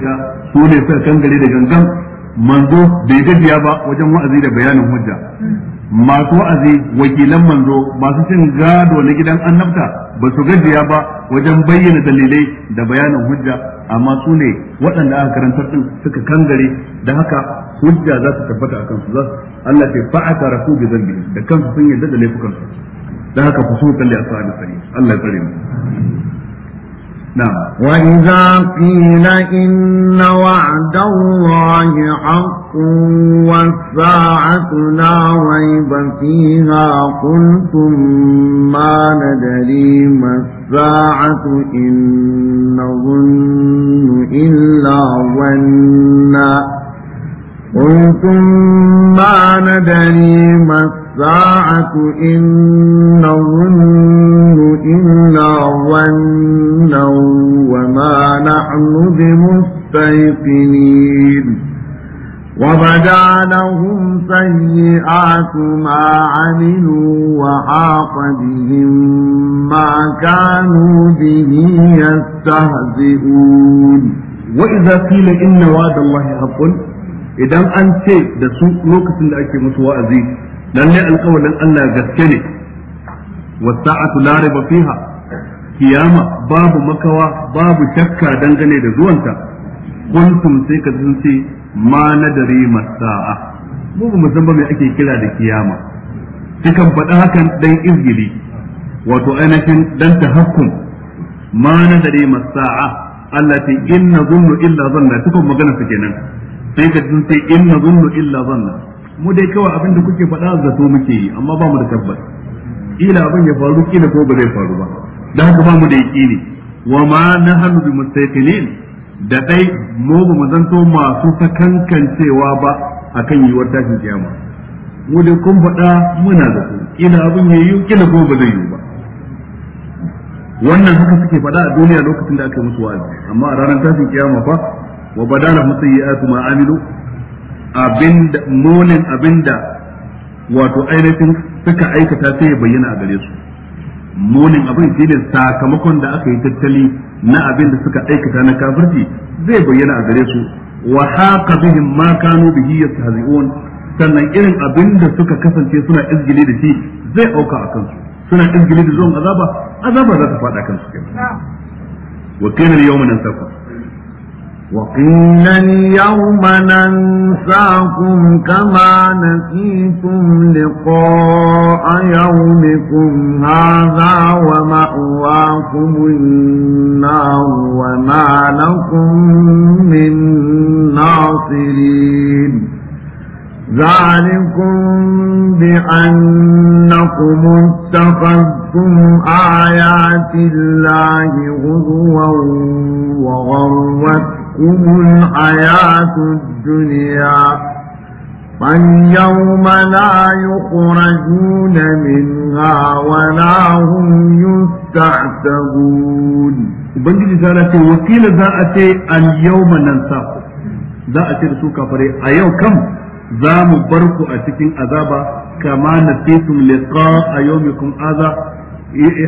su ne suka da gangan manzo bai gajiya ba wajen wa'azi da bayanin hujja masu wa'azi wakilan manzo masu cin gado na gidan annabta ba su gajiya ba wajen bayyana dalilai da bayanan hujja amma su ne waɗanda aka karantar din suka kangare da haka hujja za su tabbata a su za su Allah ce fa'ata rafu bi zambi da kansu sun yarda da laifukansu da haka fusukan li ashabi sari Allah ya tsare mu وإذا قيل إن وعد الله حق والساعة لا ريب فيها قلتم ما ندري ما الساعة إن نظن إلا ظنا قلتم ما ندري ما الساعة إن نظن إلا ظنا ظنا وما نحن بمستيقنين وبدا لهم سيئات ما عملوا وحاق بهم ما كانوا به يستهزئون وإذا قيل إن وعد الله حق idan an ce da su lokacin da ake musu wa'azi lalle alƙawarin Allah gaske ne wasa'atu la riba fiha kiyama babu makawa babu shakka dangane da zuwanta kuntum sai ka sun ma nadari masa'a mu ba mu san ba me ake kira da kiyama cikan faɗa hakan dan izgili wato ainihin dan tahakkum ma nadari masa'a Allah ta inna zunnu illa zanna cikan magana su kenan sai ka san sai inna zunnu illa zanna mu dai kawai abin da kuke faɗa zato muke yi amma ba mu da tabbas kila abin ya faru kila ko ba zai faru ba da haka ba mu da ne wa ma na hannu bi mustaqinin da dai mu ba mu zanto masu sakankancewa ba akan yiwuwar tashin kiyama mu da kun faɗa muna da su kila abin yi kila ko ba zai yi ba wannan haka suke faɗa a duniya lokacin da aka yi musu wa'azi amma a ranar tashin kiyama fa wa badala musayyi'atu ma amilu abinda munin abinda wato ainihin suka aikata sai ya bayyana a gare su munin abin shi ne sakamakon da aka yi tattali na abin da suka aikata na kafirci zai bayyana a gare su wa haqa bihim ma kanu bihi yastahzi'un sannan irin abin da suka kasance suna izgili da shi zai auka a kansu suna izgili da zuwan azaba azaba za ta fada kansu kenan wa kana yawman nasafa وقيل اليوم ننساكم كما نسيتم لقاء يومكم هذا ومأواكم النار وما لكم من ناصرين ذلكم بأنكم اتخذتم آيات الله غزوا وغرتكم تأتيكم الحياة الدنيا فاليوم لا يخرجون منها ولا هم يستعتبون ubangiji ta ce wakila za a ce al yawma nan sa za a ce da su kafare a yau kam za mu bar ku a cikin azaba kama nasitum liqa a yawmikum aza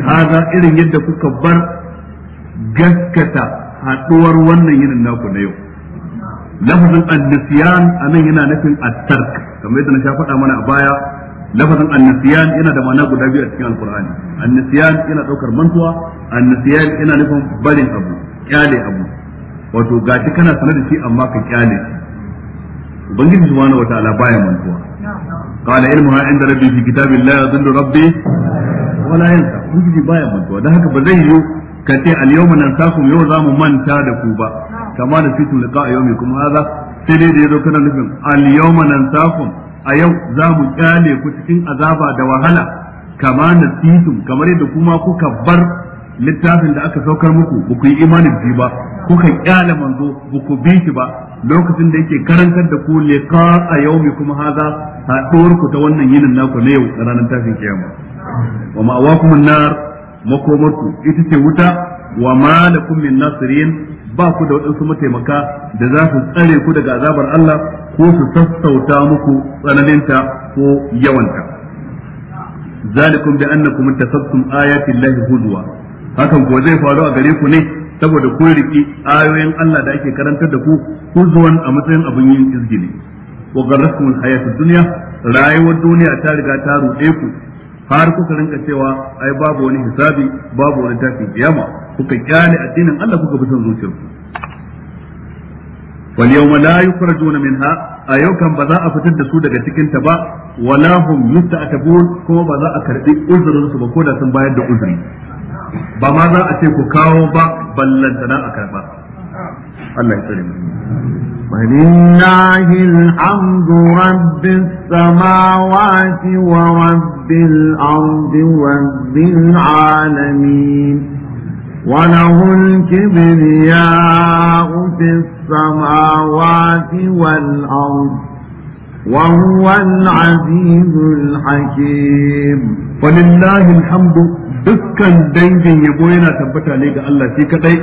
hada irin yadda kuka bar gaskata haduwar wannan yinin naku na yau lafazin annisiyan a nan yana nufin attark kamar yadda na sha faɗa mana a baya lafazin annisiyan yana da ma'ana guda biyu a cikin alkur'ani annisiyan yana ɗaukar mantuwa annisiyan yana nufin barin abu kyale abu wato gashi kana sanar da shi amma ka kyale ubangiji subhanahu wataala baya mantuwa قال علمها عند ربي في كتاب الله يضل ربي Wala ينسى ubangiji baya mantuwa dan haka ba zai yiwu ka ce al yawma nansakum yau zamu manta da ku ba kama da fitu liqa yawmikum hadha sai dai da yazo kana nufin al yawma nansakum a yau zamu ƙyale ku cikin azaba da wahala kama da kamar yadda kuma kuka bar littafin da aka saukar muku ba ku yi imanin bi ba kuka kyale manzo ba ku bi shi ba lokacin da yake karantar da ku liqa a yaumi kuma haza haɗuwar ku ta wannan yinin naku na yau ranar tafin kiyama wa nar makomarku ita ce wuta wa ma min nasirin ba ku da waɗansu mataimaka da za su tsare ku daga azabar Allah ko su sassauta muku tsananinta ko yawanta zalikum bi annakum tasabtum ayati llahi hudwa hakan ko zai faru a gare ku ne saboda kun riki ayoyin Allah da ake karantar da ku huzwan a matsayin abun yin izgili wa garrakum hayatud dunya rayuwar duniya ta riga ta ruɗe ku har kuka rinka cewa ai babu wani hisabi babu wani tafi kiyama kuka kyale addinin Allah kuka bi son zuciyarku wal yawma la yukhrajuna minha a yau kan ba za a fitar da su daga cikin ta ba wala hum yusta'tabun kuma ba za a karbi uzurin su ba ko da sun bayar da uzuri ba ma za a ce ku kawo ba ballantana a karba Allah ya tsare mu ولله الحمد رب السماوات ورب الأرض ورب العالمين وله الكبرياء في السماوات والأرض وهو العزيز الحكيم ولله الحمد دكا دنجن يبوينا تبتا ليك الله في كتي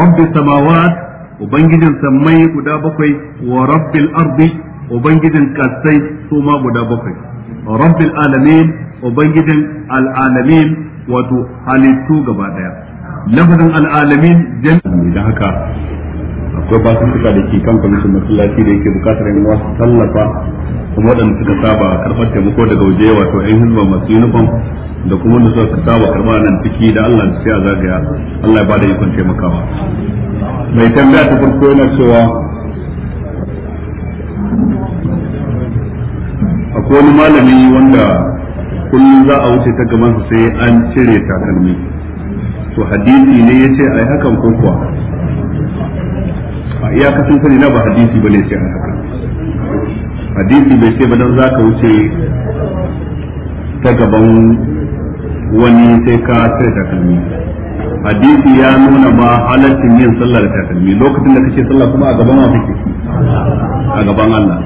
رب السماوات ubangijin sammai guda bakwai wa rabbil ardi ubangijin kasai su ma guda bakwai rabbil alamin ubangijin al'alamin wato halittu gaba daya lafazin al'alamin jami'i da haka akwai suka da ke kan kwamishin masallaci da yake bukatar yin wasu tallafa kuma waɗanda suka saba karɓar taimako daga waje wato ɗan hizba masu yunifom da kuma wanda suka saba karɓar nan ciki da allah sai a zagaya allah ya ba yi ikon taimakawa mai tambaya ta farko yana cewa akwai wani malami wanda kullum za a wuce ta gaban sai an cire takalmi to hadisi ne ya ce a yi hakan ko kuwa a iyakacin sani na ba hadisi ba ne sai a haka hadisi bai ce ba don za ka wuce ta gaban wani sai ka cire takalmi hadisi ya nuna ma halaccin yin sallah da takalmi lokacin da kace sallah kuma a gaban wa kake a gaban Allah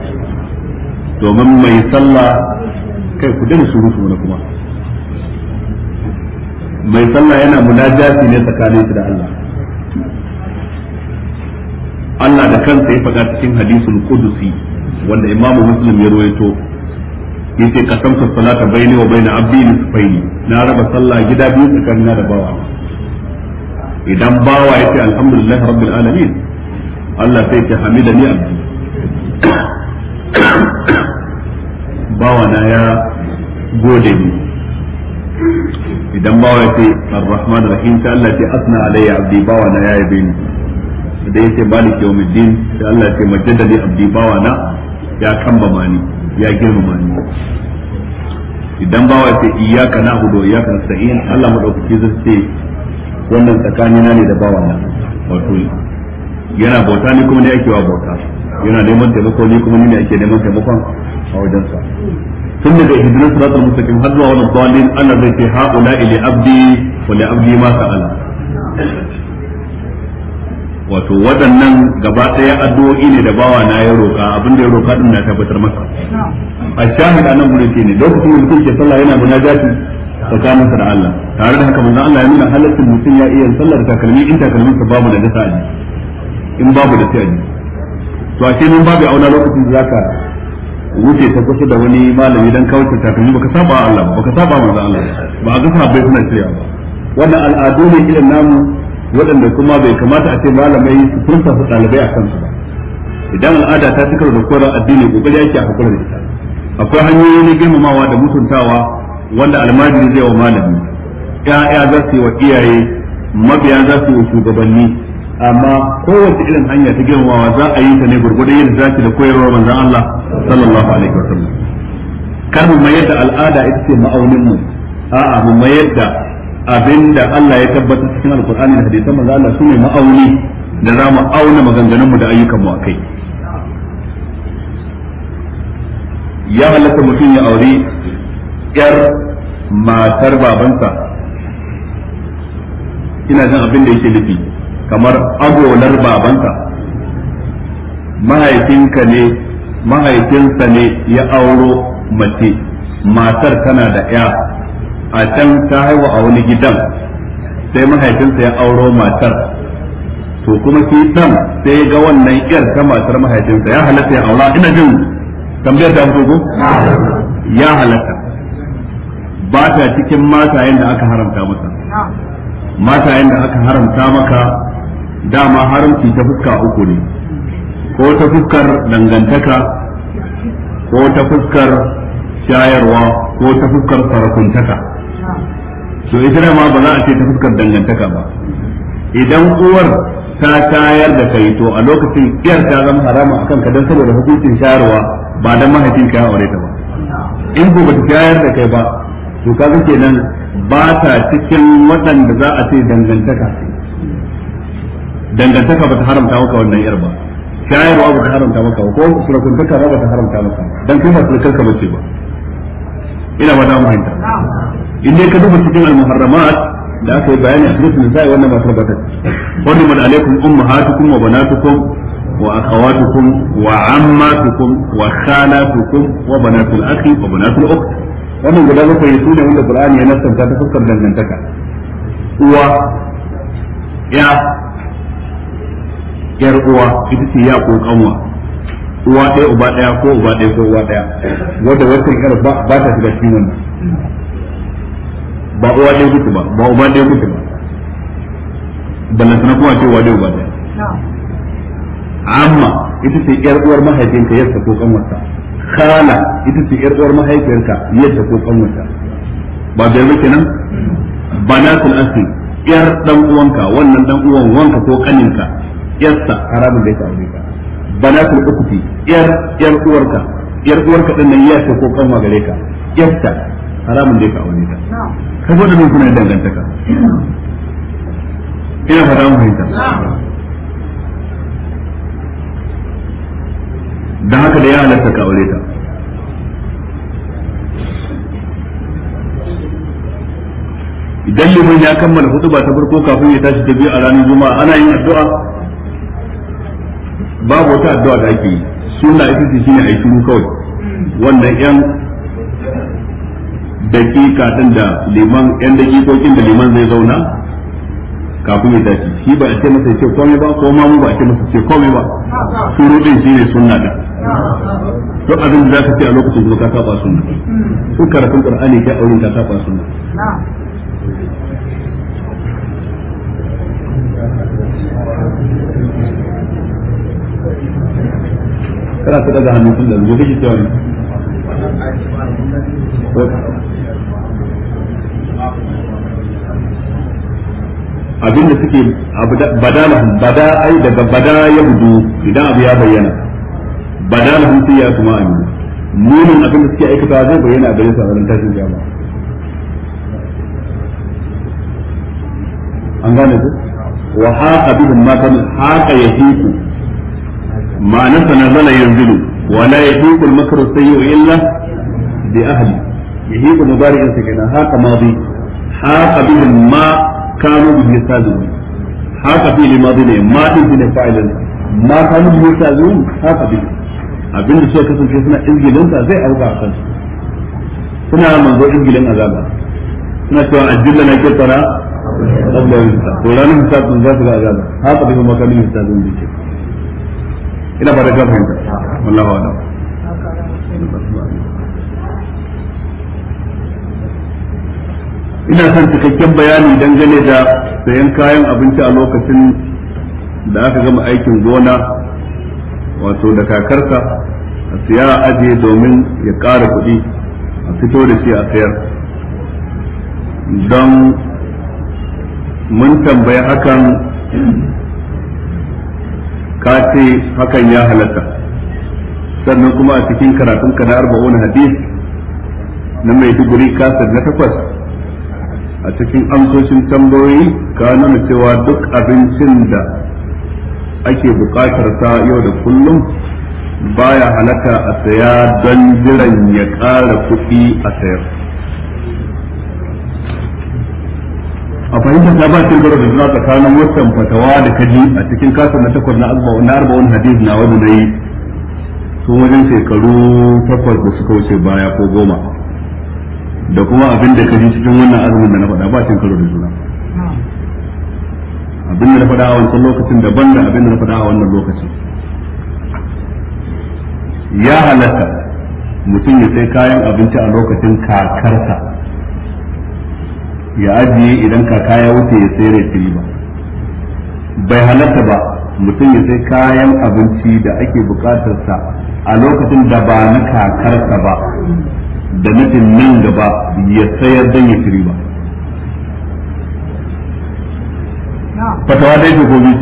domin mai sallah kai ku dana surutu ne kuma mai sallah yana munajati ne tsakanin shi da Allah Allah da kansa ya faɗa cikin hadisul qudusi wanda imamu muslim ya rawaito yace kasamtu salata baini wa baina abdi nisfaini na raba sallah gida biyu na da bawa idan bawa ya ce alhamdulillah rabbil alamin Allah sai ce ni abdi bawa na ya gode ni idan bawa ya ce arrahman rahim sai Allah ce asna alayya abdi bawa na ya yabe ni idan ya ce maliki yawmiddin sai Allah ce majjadali abdi bawa na ya kambama ni ya girmama ni idan bawa ya ce iyyaka na'budu wa iyyaka nasta'in Allah madaukaki zai ce wannan tsakanina ne da bawana wato yana bauta ni kuma ne ake wa bauta yana neman taimako ni kuma ni ne ake neman taimakon a wajen sa tun daga hijirin siratul mustaqim har zuwa wannan dalil Allah zai ce na ila abdi wa li abdi ma sa'ala wato waɗannan gaba ɗaya addu'o'i ne da bawa na ya roƙa abin da ya roƙa din na tabbatar masa a shahid anan gurin ne lokacin da ke sallah yana munajati kama sa da Allah tare da haka manzo Allah ya nuna halaccin mutum ya iya sallar takalmi in takalmin sa babu da dasa aji in babu da sai aji to a cikin babu auna lokacin da zaka wuce ta kusa da wani malami dan kauce takalmi baka saba Allah baka saba manzo Allah ba a ga bai suna cewa wannan al'adu ne irin namu waɗanda kuma bai kamata a ce malamai su furta su ɗalibai a kansu ba idan al'ada ta cikar da koran addini gobe yake a hakuri da ita akwai hanyoyi na girmamawa da mutuntawa wanda almajiri zai wa malami ya'ya za su yi wa iyaye mabiya za su yi wa shugabanni amma kowace irin hanya ta girmamawa za a yi ta ne gurgurdan yin zaki da koyarwar manzon Allah sallallahu alaihi wasallam kar mu mayar da al'ada ita ce ma'aunin mu a'a mu mayar da abinda Allah ya tabbatar cikin alkur'ani da hadisan manzon Allah su ne ma'auni da za mu auna maganganun mu da ayyukan mu akai ya halatta mutum ya aure yar matar babansa ina jin abin da yake nufi kamar agolar babansa mahaifinka ne mahaifinsa ne ya auro mace matar tana da ya a can ta haihu a wani gidan sai mahaifinsa ya auro matar to kuma shi dan sai ga wannan yar ta matar mahaifinsa ya halatta ya aura ina jin tambayar da ya halatta ba ta cikin matayen da aka haramta masa matayen da aka haramta maka dama haramci ta fuska uku ne ko ta fuskar dangantaka ko ta fuskar shayarwa ko ta fuskar sarakuntaka so ita ma ba za a ce ta fuskar dangantaka ba idan uwar ta tayar da kai to a lokacin iyar ta zama harama akan ka don saboda hukuncin shayarwa ba don mahaifinka ya aure ta ba in ko ba ta tayar da kai ba to kaga kenan ba ta cikin waɗanda za a ce dangantaka dangantaka ba ta haramta maka wannan yar ba shayarwa ba ta haramta maka ba ko surakuntaka ba ta haramta maka dan kai ba surukar ka bace ba ina ba da mahimta in dai ka duba cikin al-muharramat da aka yi bayani a cikin nisa'i wannan matar ba ta wani man alaikum ummahatukum wa banatukum وأخواتكم وعماتكم وخالاتكم وبنات الأخ وبنات الأخت wannan guda bakwai su ne wanda qur'ani ya nasanta ta fuskar dangantaka uwa ya yar uwa ita ce ya ko kanwa uwa ɗaya uba ɗaya ko uba ɗaya ko uwa ɗaya wanda wata yar ba ta shiga cikin wannan ba uwa ɗaya kuke ba ba uba ɗaya kuke ba ballantana kuma ce uwa ɗaya uba ɗaya amma ita ce yar uwar mahaifinka yarsa ko kanwarta kala ita ce yar uwar mahaifiyarka yadda ko kanwata ba da yake kenan banatul asi yar dan uwanka wannan dan uwan wanka ko kaninka yarsa haramun da ya aure ka banatul ukuti yar yar uwarka yar uwarka din nan yadda ko kanwa gare ka yarsa haramun da ya samu ka kai wanda ne kuna dangantaka ina fata mun fahimta don haka da ya halatta ka aure ta idan liman ya kammala hutuba ta farko kafin ya tashi tafiya biyu a ranar juma'a ana yin addu'a babu wata addu'a da ake yi suna ita ce shine a shiru kawai wannan yan daƙiƙa ɗin da liman yan dakikokin da liman zai zauna kafin ya tashi shi ba a ce masa ce komai ba ko ma mu ba a ce masa ce komai ba shiru shi shine sunna da duk abin da zaka ce a lokacin kuma ka saba sunna ko karatun qur'ani kai auren ka saba sunna kana ta daga hannun sun da zuwa kake cewa ne abinda suke badalahum bada ai daga bada ya budu idan abu ya bayyana badalahum ya kuma amin munin abin da suke aikata zai bayyana gare su a ranar tashin kiyama an gane ku wa haqa bihim ma kan haqa yahiku ma'anar sa zala yanzu wa la yahiku al-makru sayyu illa bi ahli yahiku mudari'in sa kenan haqa madi haqa bihim ma kanu bihi yastazun haqa fi limadi ne ma din ne fa'ilan ma kanu bihi yastazun haqa bihim Abin da suka kasance suna ingilinsa zai auka a kansu suna manzo ingilin azaba suna cewa ajilla na ke tara qabla yusa to ranar hisabun za su ga azaba haka bai kuma kalin hisabun da ke ina ba da ka fahimta wallahi wa'ala ina son cikakken bayani dangane da sayan kayan abinci a lokacin da aka gama aikin gona wato da kakarsa a siya a ajiye domin ya ƙara kuɗi a fito da shi a sayar don mun tambaya hakan ka ce hakan ya halatta sannan kuma a cikin karatun ka na arba'un hadis na mai duguri kasar na takwas a cikin amsoshin tambayoyi ka nuna cewa duk abincin da ake bukatar ta yau da kullum baya halatta a saya don jiran ya ƙara kuɗi a sayar a fahimta ta ba cin da zuwa tsakanin watan fatawa da kaji a cikin kasar na takwas na arba'un hadis na wani na yi tun wajen shekaru takwas da suka wuce baya ko goma da kuma abin da kaji cikin wannan arzikin da na faɗa ba cikin karo da zuwa abin da na faɗa a wancan lokacin daban da abin da na faɗa a wannan lokacin ya halatta mutum ya sai kayan abinci a lokacin kakarsa ya ajiye idan kaka ya wuce ya sayar da ba. bai halatta ba mutum ya sai kayan abinci da ake bukatarsa a lokacin da ba na kakarsa ba da nufin nan gaba ya sayar don ya ba. fatawa dai ko gobe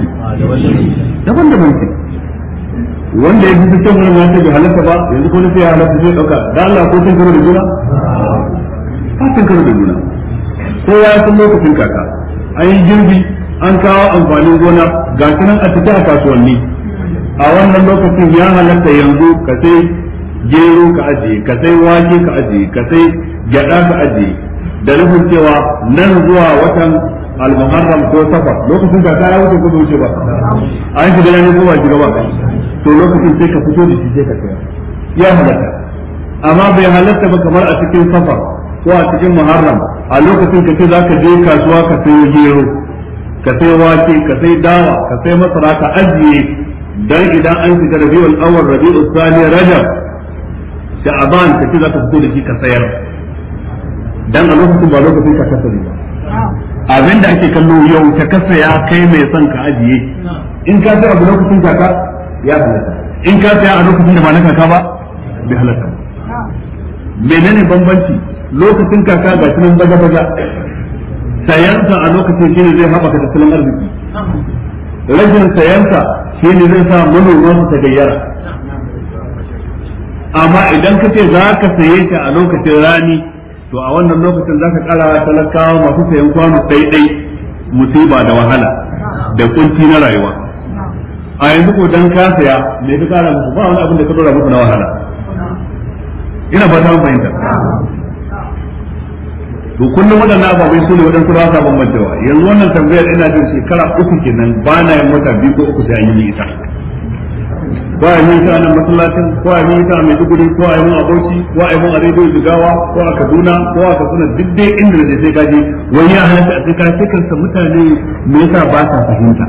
daban-daban ce wanda ya fi cikin wani lafiya bai halatta ba yanzu ko sai ya halatta zai dauka da Allah ko sun karo da juna ba sun karo da juna ko ya san lokacin kaka an yi girbi an kawo amfanin gona ga nan a cikin a kasuwanni a wannan lokacin ya halatta yanzu ka sai gero ka ajiye ka sai wake ka ajiye ka sai gyada ka ajiye da nufin cewa nan zuwa watan al-muharram ko safar lokacin kaka ya wuce ko bai wuce ba an shiga ne ko ba shiga ba to lokacin sai ka fito da shi sai ka sayar ya halatta amma bai halatta ba kamar a cikin safar ko a cikin muharram a lokacin ka ce zaka je kasuwa ka sayo gero ka sayo wake ka sayo dawa ka sayo masara ka ajiye dan idan an shiga rabiul awwal rabiul thani rajab sha'ban ka ce zaka fito da shi ka sayar dan a lokacin ba lokacin ka kasari ba abinda ake kallo yau ta kasa ya kai mai son ka ajiye in ka sai abu lokacin kaka ya halatta in ka saya a lokacin da ba na kaka ba bai halatta menene bambanci lokacin kaka ga shi nan baga baga sayansa a lokacin shine zai haɓaka tattalin arziki rashin sayansa shine zai sa manoma su ta gayyara amma idan ka ce za ka saye ta a lokacin rani to a wannan lokacin za ka ƙara talakawa masu sayan kwano daidai musiba da wahala da kunci na rayuwa a yanzu ko dan ka saya me ka kara musu ba wani abin da ka dora musu na wahala ina ba ta fahimta to kullum waɗannan ababai su ne waɗansu ba sa bambancewa yanzu wannan tambayar ina jin shekara uku kenan ba na yin wata biyu ko uku sai an yi ita ko a yi a nan masallacin ko a yi ta mai duguri ko a yi mun aboki ko a yi mun a rediyo jigawa ko a kaduna ko a kasuna duk dai inda da sai kaji wani ya halatta a sai ka sai mutane me yasa ba sa fahimta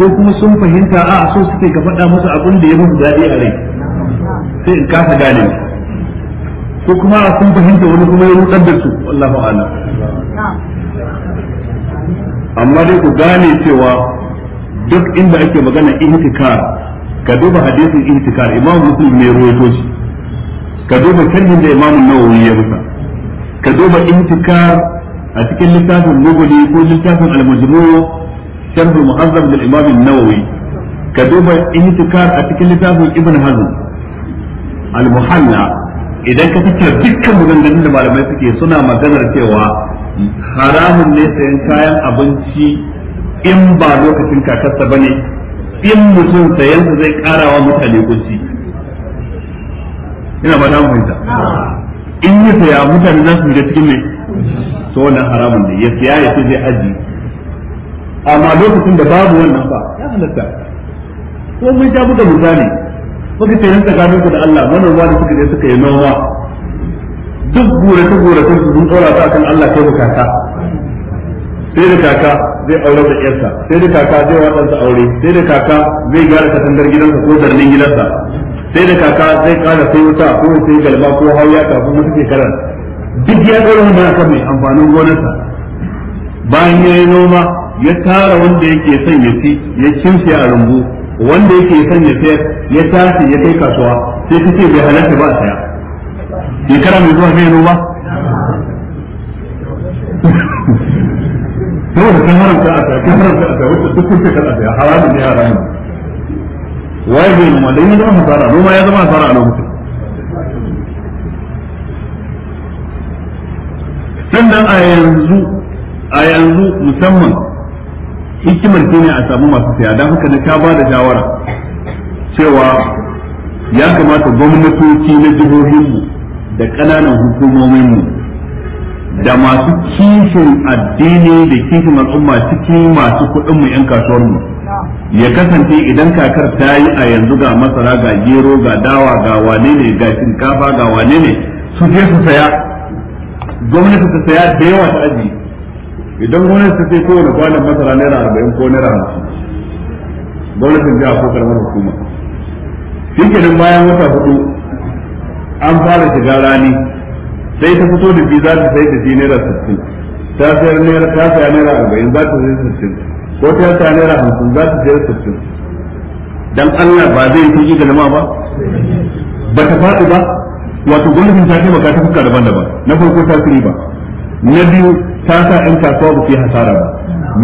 ko kuma sun fahimta a so suke ka faɗa musu abin da ya musu daɗi a rai sai in kasa gane ko kuma sun fahimta wani kuma ya rudar da su wallahu ala amma dai ku gane cewa duk inda ake magana ihtikar ka duba hadisin ihtikar imam muslim ne ruwaito shi ka duba sharhin da imam nawawi ya rusa ka duba ihtikar a cikin littafin mughni ko littafin al-majmu' sharh muhazzam lil imam an-nawawi ka duba intikar a cikin littafin ibn hazm al idan ka fitar dukkan maganganun da malamai suke suna maganar cewa haramun ne sayan kayan abinci in ba lokacin kakarsa ba ne in mutum su zai wa mutane kunci ina ba damu fahimta in ya saya mutane za su shiga cikin mai to wannan haramun ne ya saya ya ce zai aji amma lokacin da babu wannan ba ya halatta ko mun ja buga misali kuka ce nan tsakanin da Allah manoma da suka je suka yi noma duk gure ta gure ta sun tsora ta kan Allah kai kaka sai da kaka zai aure da iyarsa sai da kaka zai wadansa aure sai da kaka zai gyara katangar gidansa ko darnin gidansa sai da kaka zai kara sai wuta ko sai galba ko hauya kafin ke karar duk ya ɗora mana kan mai amfanin gonarsa bayan ya yi noma ya tara wanda yake son ya ci ya kimshe a rumbu wanda yake son ya sayar ya tashi ya kai kasuwa sai ka ce bai halatta ba a saya shekara mai zuwa mai noma <laughs> saboda kan haramta a saya kan haramta a saya wacce duk kun shekara a saya haramun ne haramun waye bai noma don ya zama hasara noma ya zama fara a lokacin sannan a yanzu a yanzu musamman hikimar shi ne a samu masu saya don haka na ta ba da shawara cewa ya kamata gwamnatoci na jihohinmu da ƙananan hukumominmu da masu kishin addini da kishin al'umma cikin masu kuɗinmu 'yan kasuwarmu ya kasance idan kakar ta yi a yanzu ga masara ga gero ga dawa ga wane ne ga shinkafa ga wane ne su je su saya gwamnati ta saya da yawa ta aji idan gwamnati ta ce kowane kwanan masara naira arba'in ko naira hamsin gwamnatin jiha ko karamar hukuma shi kenan bayan wata hudu an fara shiga rani sai ta fito da biyu za ta sai da ji naira sittin ta sayar naira ta saya naira arba'in za ta sayar sittin ko ta saya naira hamsin za ta sayar sittin dan Allah ba zai yi ga jama'a ba ba ta faɗi ba wato gwamnatin ta ka ta fuska daban-daban na farko ta ba na biyu ta sa ɗan kasuwa ba su yi hasara ba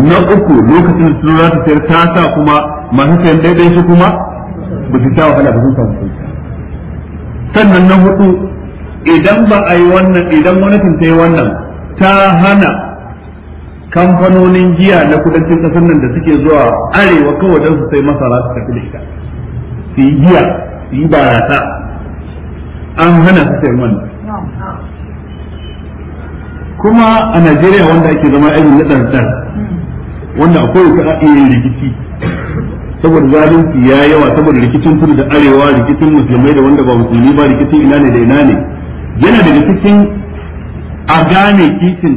na uku lokacin da za ta sayar ta sa kuma masu sayan daidai su kuma ba su sha wahala ba sun samu sannan na hudu idan ba a yi wannan idan gwamnatin ta yi wannan ta hana kamfanonin giya na kudancin kasar nan da suke zuwa arewa kawai don su sai masara su tafi da ita su yi giya su yi barata an hana su sayan wannan kuma a Najeriya wanda ake zama irin na dantar wanda akwai ka iya rikici saboda zalunci ya yawa saboda rikicin kudu da arewa rikicin musulmai da wanda ba musulmi ba rikicin ina ne da ina ne yana da rikicin a gane kishin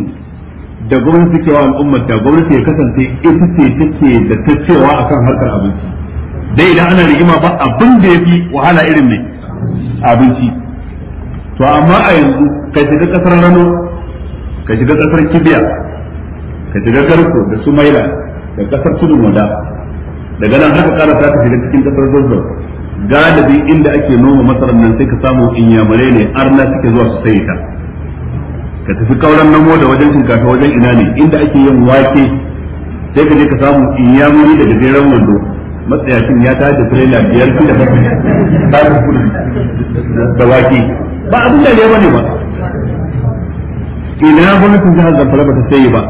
da gwamnati take wa al'ummar da gwamnati ya kasance ita ce take da ta cewa akan harkar abinci dai idan ana rigima ba abin da fi wahala irin ne abinci to amma a yanzu kai shiga kasar rano ka shiga kasar kibiya ka shiga garko da sumaila da kasar tudu wada daga nan haka ta ka shiga cikin kasar zazzau galibi inda ake noma masarar nan sai ka samu inyamare ne arna suke zuwa su sai ta ka tafi kauran namo da wajen shinkafa wajen ina ne inda ake yin wake sai ka je ka samu inyamuri da gajeren wando matsayacin ya da trailer biyar da da wake ba abin da ne ba ina gwamnatin jihar zamfara ba ta sayi ba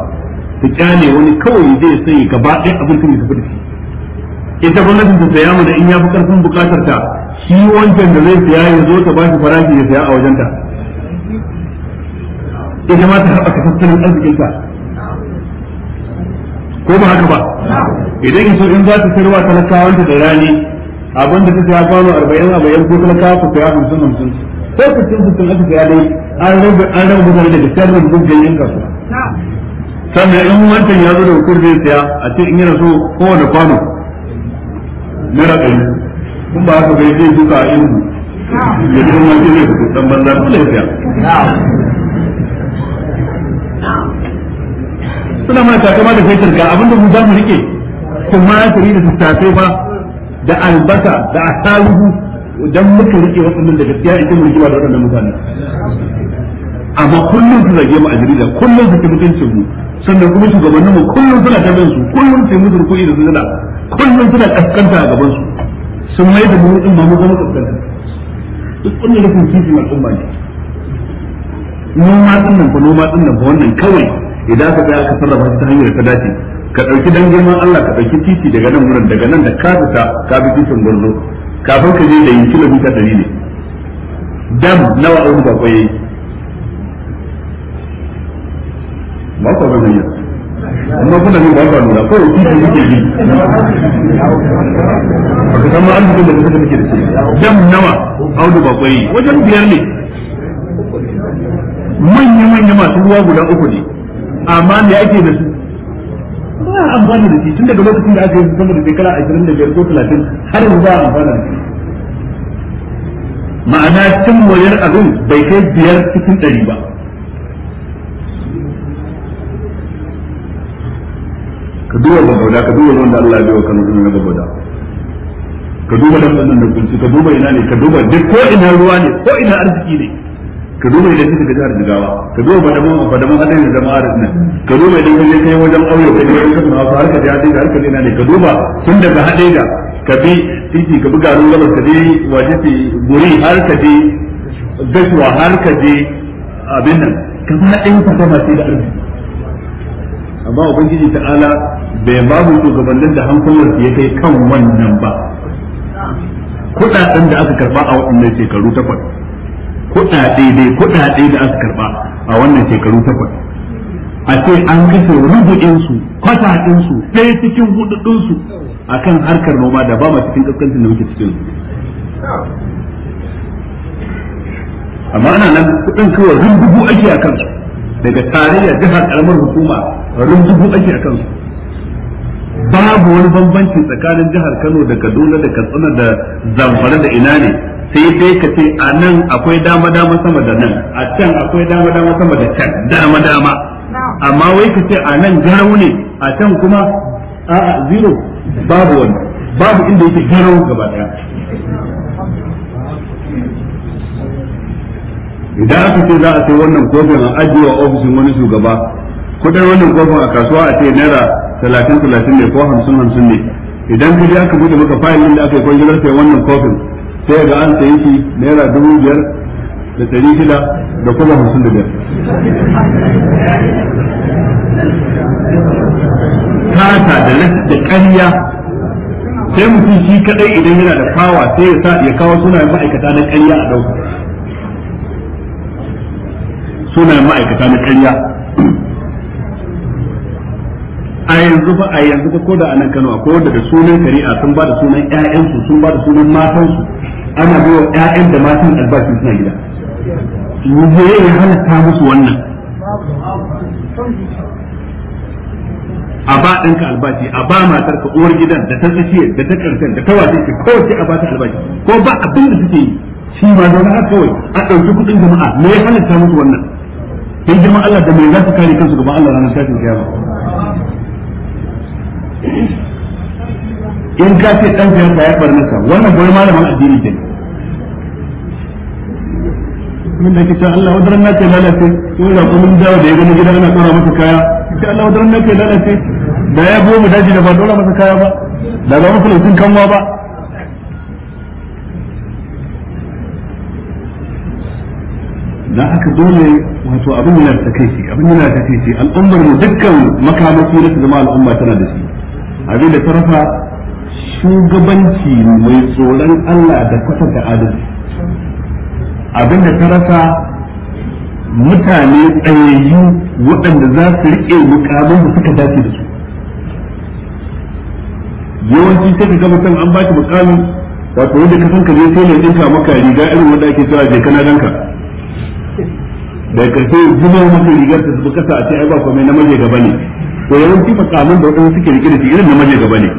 ta kyale wani kawai zai sayi gaba ɗaya abincin da ta fi ita gwamnatin ta saya mu da in ya fi ƙarfin buƙatar ta shi wancan da zai saya ya zo ta bashi farashi ya saya a wajen ta. ita ma ta haɓaka tattalin ta ko ba haka ba idan so in za ta sayarwa talakawanta da rani abinda ta saya kwano arba'in bayan ko talakawa ku saya hamsin hamsin sai ku cin sittin aka saya dai an raba an daga sharrin dukkan yan kasuwa sannan in wancan ya zo da hukur zai saya a ce in yana so kowane kwano naira yi. kun ba haka bai zai duka a ingu ya ji kuma zai fito dan banza dole ya saya suna mana takama da fetur ga abinda mu za mu rike tumatiri da tattasai ba da albasa da asaluhu idan muka rike waɗannan da gaskiya idan mu rike ba da waɗannan mutane amma kullum su zage mu a jarida kullum su kimutuncin mu sannan kuma shugabannin mu kullum suna ta su kullum yi musu rukuni da sujada kullum suna kaskanta a gaban su sun mai da mu din ma mu zama kaskanta duk wannan rufin kifi al'umma ne noma din nan fa noma din nan fa wannan kawai idan ka tsaya ka sarrafa ta hanyar ta dace ka ɗauki dan girman Allah ka ɗauki titi daga nan wurin daga nan da ka fita ka bi titin gwarzo kafin ka je da yin kilomita ɗari ne dam nawa abu ba kwaye ba ku abin hanya amma kuna yin ba ku nuna kawai titi kuke bi ba ka san ma an da kuka muke da shi jam nawa audu ba kwai wajen biyar ne manya manya masu ruwa guda uku ne amma me ake da su ba a amfani da shi tun daga lokacin da aka yi sama da shekara ashirin da biyar ko talatin har yanzu ba a amfana da shi ma'ana cin wayar abin bai kai biyar cikin ɗari ba ka duba babauda ka duba wanda Allah ya bai wa kanu din ka duba dan wannan da kunci ka duba ina ne ka duba duk ko ina ruwa ne ko ina arziki ne ka duba idan kika jihar Jigawa ka duba fadaman fadaman adai da jama'ar nan ka duba idan kaje kai wajen aure kai wajen kasu ma har ka ji adai har ka ne ka duba tun daga hadai da ka bi titi ka buga ruwa gabas ka je wajibi guri har ka je gaswa har ka je abin nan ka ba dai ka ba sai da arziki amma ubangiji ta'ala bai ba mu shugabannin da hankulan ya kai kan wannan ba kudaden da aka karba a wannan shekaru takwas kudade dai kudade da aka karba a wannan shekaru takwas a ce an kashe rubu'in su kwataɗin su dai cikin hududun su akan harkar noma da ba ma cikin kaskancin da muke cikin amma ana nan kudin kawai rubutu ake a kansu daga tarayya jihar karamar hukuma dubu ake a kansu. babu wani bambanci tsakanin jihar Kano da Kaduna da Katsina da Zamfara da ina ne sai dai ka ce a nan akwai dama dama sama da nan a can akwai dama dama sama da can dama dama amma wai ka ce a nan garau ne a can kuma a zero babu wani babu inda yake garau gaba daya idan aka ce za a sai wannan kofin a ajiye a ofishin wani shugaba kudin wannan kofin a kasuwa a ce naira talatin talatin ne ko hamsin hamsin ne idan kaje aka bude maka fayil din da aka yi kwangilar sai wannan kofin sai ga an sayi shi naira dubu biyar da ɗari shida da kuma hamsin da biyar. Kata da da ƙarya sai mutum shi kaɗai idan yana da fawa sai ya sa ya kawo suna ma'aikata na ƙarya a ɗauka. sunayen ma'aikata na karya. a yanzu ba a yanzu ko da anan Kano ko da da sunan kari'a sun ba da sunan su sun ba da sunan matansu ana biyo ƴaƴan da matan albashi suna gida yanzu ya halatta musu wannan a ba ɗanka albashi a ba matar ka uwar gidan da ta tsakiya da ta karshen da ta wace ka kowace a ba ta albashi ko ba abin da suke yi shi ma don haka kawai a ɗauki kuɗin jama'a me ya halatta musu wannan sai girman Allah da mai za su kare kansu gaban Allah ranar tashin kiyama in ka ce dan ka ya bar wannan goyi malamin addini ke min da kace Allah lalace da mun dawo da ana kora masa kaya kace Allah lalace da ya bo mu daji da ba dole masa kaya ba da ba mu kullu kanwa ba da haka dole wato abin yana da takeici abin yana da takeici al'ummar mu dukkan makamaci na zama al'umma tana da shi abin da tarafa shugabanci mai tsoron Allah da kwatanta adalci abin da tarafa mutane tsayayyu waɗanda za su riƙe mukamin da suka dace da su yawanci sai ka ga mutum an baki mukamin wato wanda ka san ka je sai ne dinka maka riga irin wanda ake cewa je kana danka da karshe zuba masa rigar ta zuba kasa a ce ai ba kome na maje gaba ne to yawanci makamin da wadanda suke rike da shi irin na maje gaba ne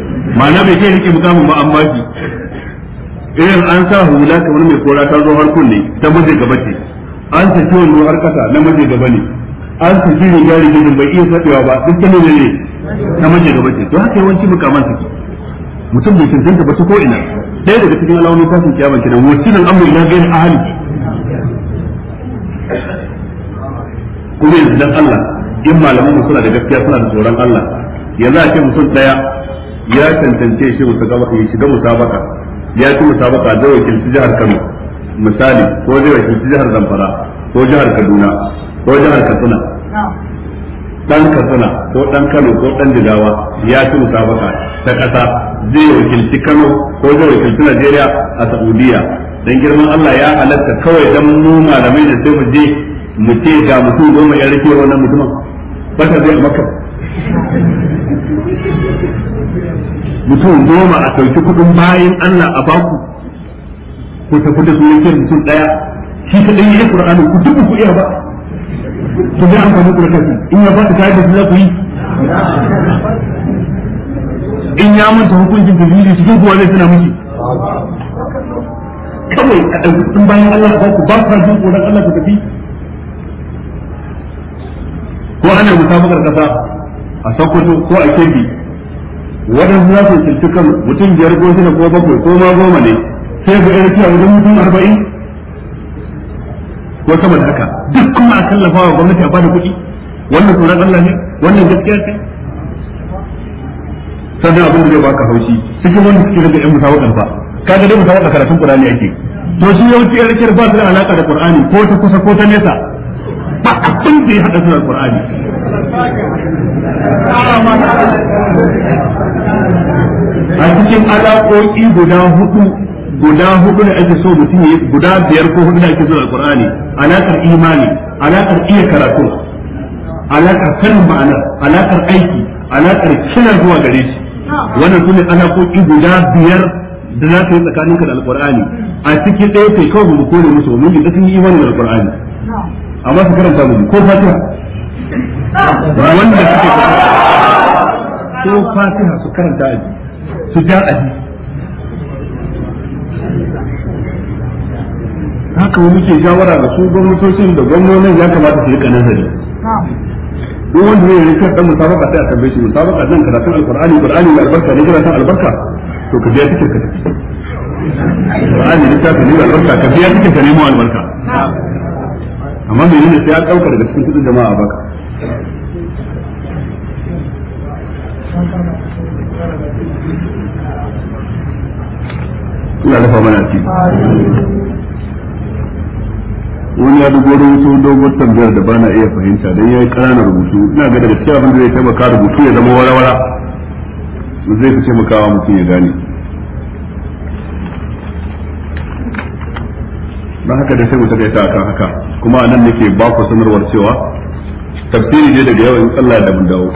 ma'ana bai ke rike mukamin ba an ba shi irin an sa hula kamar mai kora ta zo har kunne ta maje gaba ce an ta ce wani har kasa na maje gaba ne an ta ci riga rigin bai iya sadewa ba duk ta ne ne na maje gaba ce to haka yawanci mukaman suke mutum bai cancanta ba ta ko ina ɗaya daga cikin alamomin tashin kiyama kenan wakilin amur ila gani ahali kuma yanzu dan Allah in malaman mu suna da gaskiya suna da tsoron Allah yanzu a ce mutum daya ya tantance shi musabaka ya shiga musabaka ya ci musabaka zai wakilci jihar Kano misali ko zai wakilci jihar Zamfara ko jihar Kaduna ko jihar Katsina dan Katsina ko dan Kano ko dan Jigawa ya ci musabaka ta kasa zai wakilci Kano ko zai wakilci Najeriya a Saudiya dan girman Allah ya halatta kawai dan mu malamai da sai mu je mu ce ga mutum goma ya rike wannan mutumin fata zai maka mutum goma a sauki kudin bayan Allah a baku ku tafi da sunan mutum daya shi ta kadai ya Qur'ani ku duk ku iya ba ku ga amfani ku kafi in ya ba ta da za ku yi in ya manta hukuncin da zai cikin kuwa zai tana miki kawai a ɗauki bayan Allah ba ku ba ku jin tsoron Allah ka tafi ko ana musabakar kasa a sokoto ko a kebbi waɗansu za su tsinci kan mutum biyar ko shida ko bakwai ko ma goma ne sai ga irin cewa wajen mutum arba'in ko sama da haka duk kuma a tallafa wa gwamnati a bada kuɗi wannan tsoron Allah ne wannan gaskiya ce sannan abin da zai baka haushi cikin wanda suke daga yan musabakar ba kaga dai musabakar karatun ne ake to shi yawanci yan rikiyar ba su da alaƙa da Qur'ani ko ta kusa ko ta nesa ba abin da ya hada su alqur'ani a cikin alaƙoƙi guda hudu guda hudu da ake so mutum ya guda biyar ko hudu da ake so alqur'ani alaƙar imani alaƙar iya karatu alaƙar sanin ma'ana alaƙar aiki alaƙar kina zuwa gare shi wannan sune alaƙoƙi guda biyar da za ka yi tsakaninka da alƙur'ani a cikin ɗaya kai kawai mu kore musu mun yi sun yi imani da alƙur'ani amma su karanta mu ko fatiha wanda suke ko fatiha su karanta aji su ja aji haka wani ke jawara da su gwamnatocin da gwamnonin ya kamata su yi kanin hari duk wanda zai yi kan dan sabaka sai a tambaye shi musabaka nan karatun alqur'ani qur'ani mai albarka ne san albarka to ka biya tikin ka qur'ani littafin ne albarka ka biya tikin ka nemo albarka amma mai nuna sai ya ɗauka daga cikin cikin jama'a baka ina dafa mana ci wani ya dubo wasu dogon tambayar da bana iya fahimta don ya yi ƙananan rubutu ina ga daga cikin abin da zai taimaka rubutu ya zama wara-wara zai fi taimakawa mutum ya gane ba haka da sai mu take ta kan haka kuma anan nake ba ku sanarwar cewa tafsiri ne daga yawan in Allah da mun dawo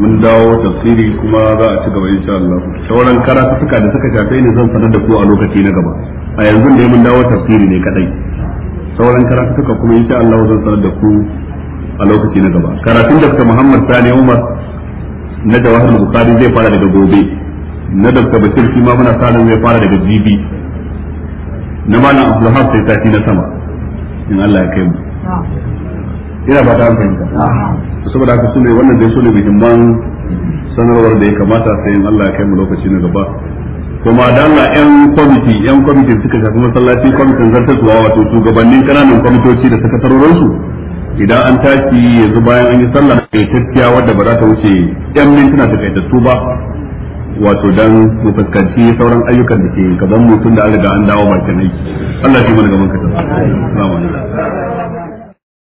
mun dawo tafsiri kuma za a ci gaba insha Allah sauran suka da suka shafe ne zan sanar da ku a lokaci na gaba a yanzu ne mun dawo tafsiri ne kadai sauran suka kuma insha Allah zan sanar da ku a lokaci na gaba karatun Dr. Muhammad Sani Umar na Jawahar Bukhari zai fara daga gobe na Dr. Bashir shi ma muna sanin zai fara daga jibi na malam abdulhab sai tafi na sama in Allah ya kai mu ina ba ta fahimta saboda haka ne wannan dai sune muhimman sanarwar da ya kamata sai in Allah ya kai mu lokaci na gaba kuma da Allah yan kwamiti yan kwamiti suka shafi masallaci kwamitin zartarwa wato shugabannin kananan kwamitoci da su. idan an tashi yanzu bayan an yi sallah kai tafiya wadda ba za ta wuce yan mintuna takaitattu ba wato dan mu fuskanci sauran ayyukan da ke gaban mutum da an riga an dawo bakin aiki Allah shi mana gaban ka ta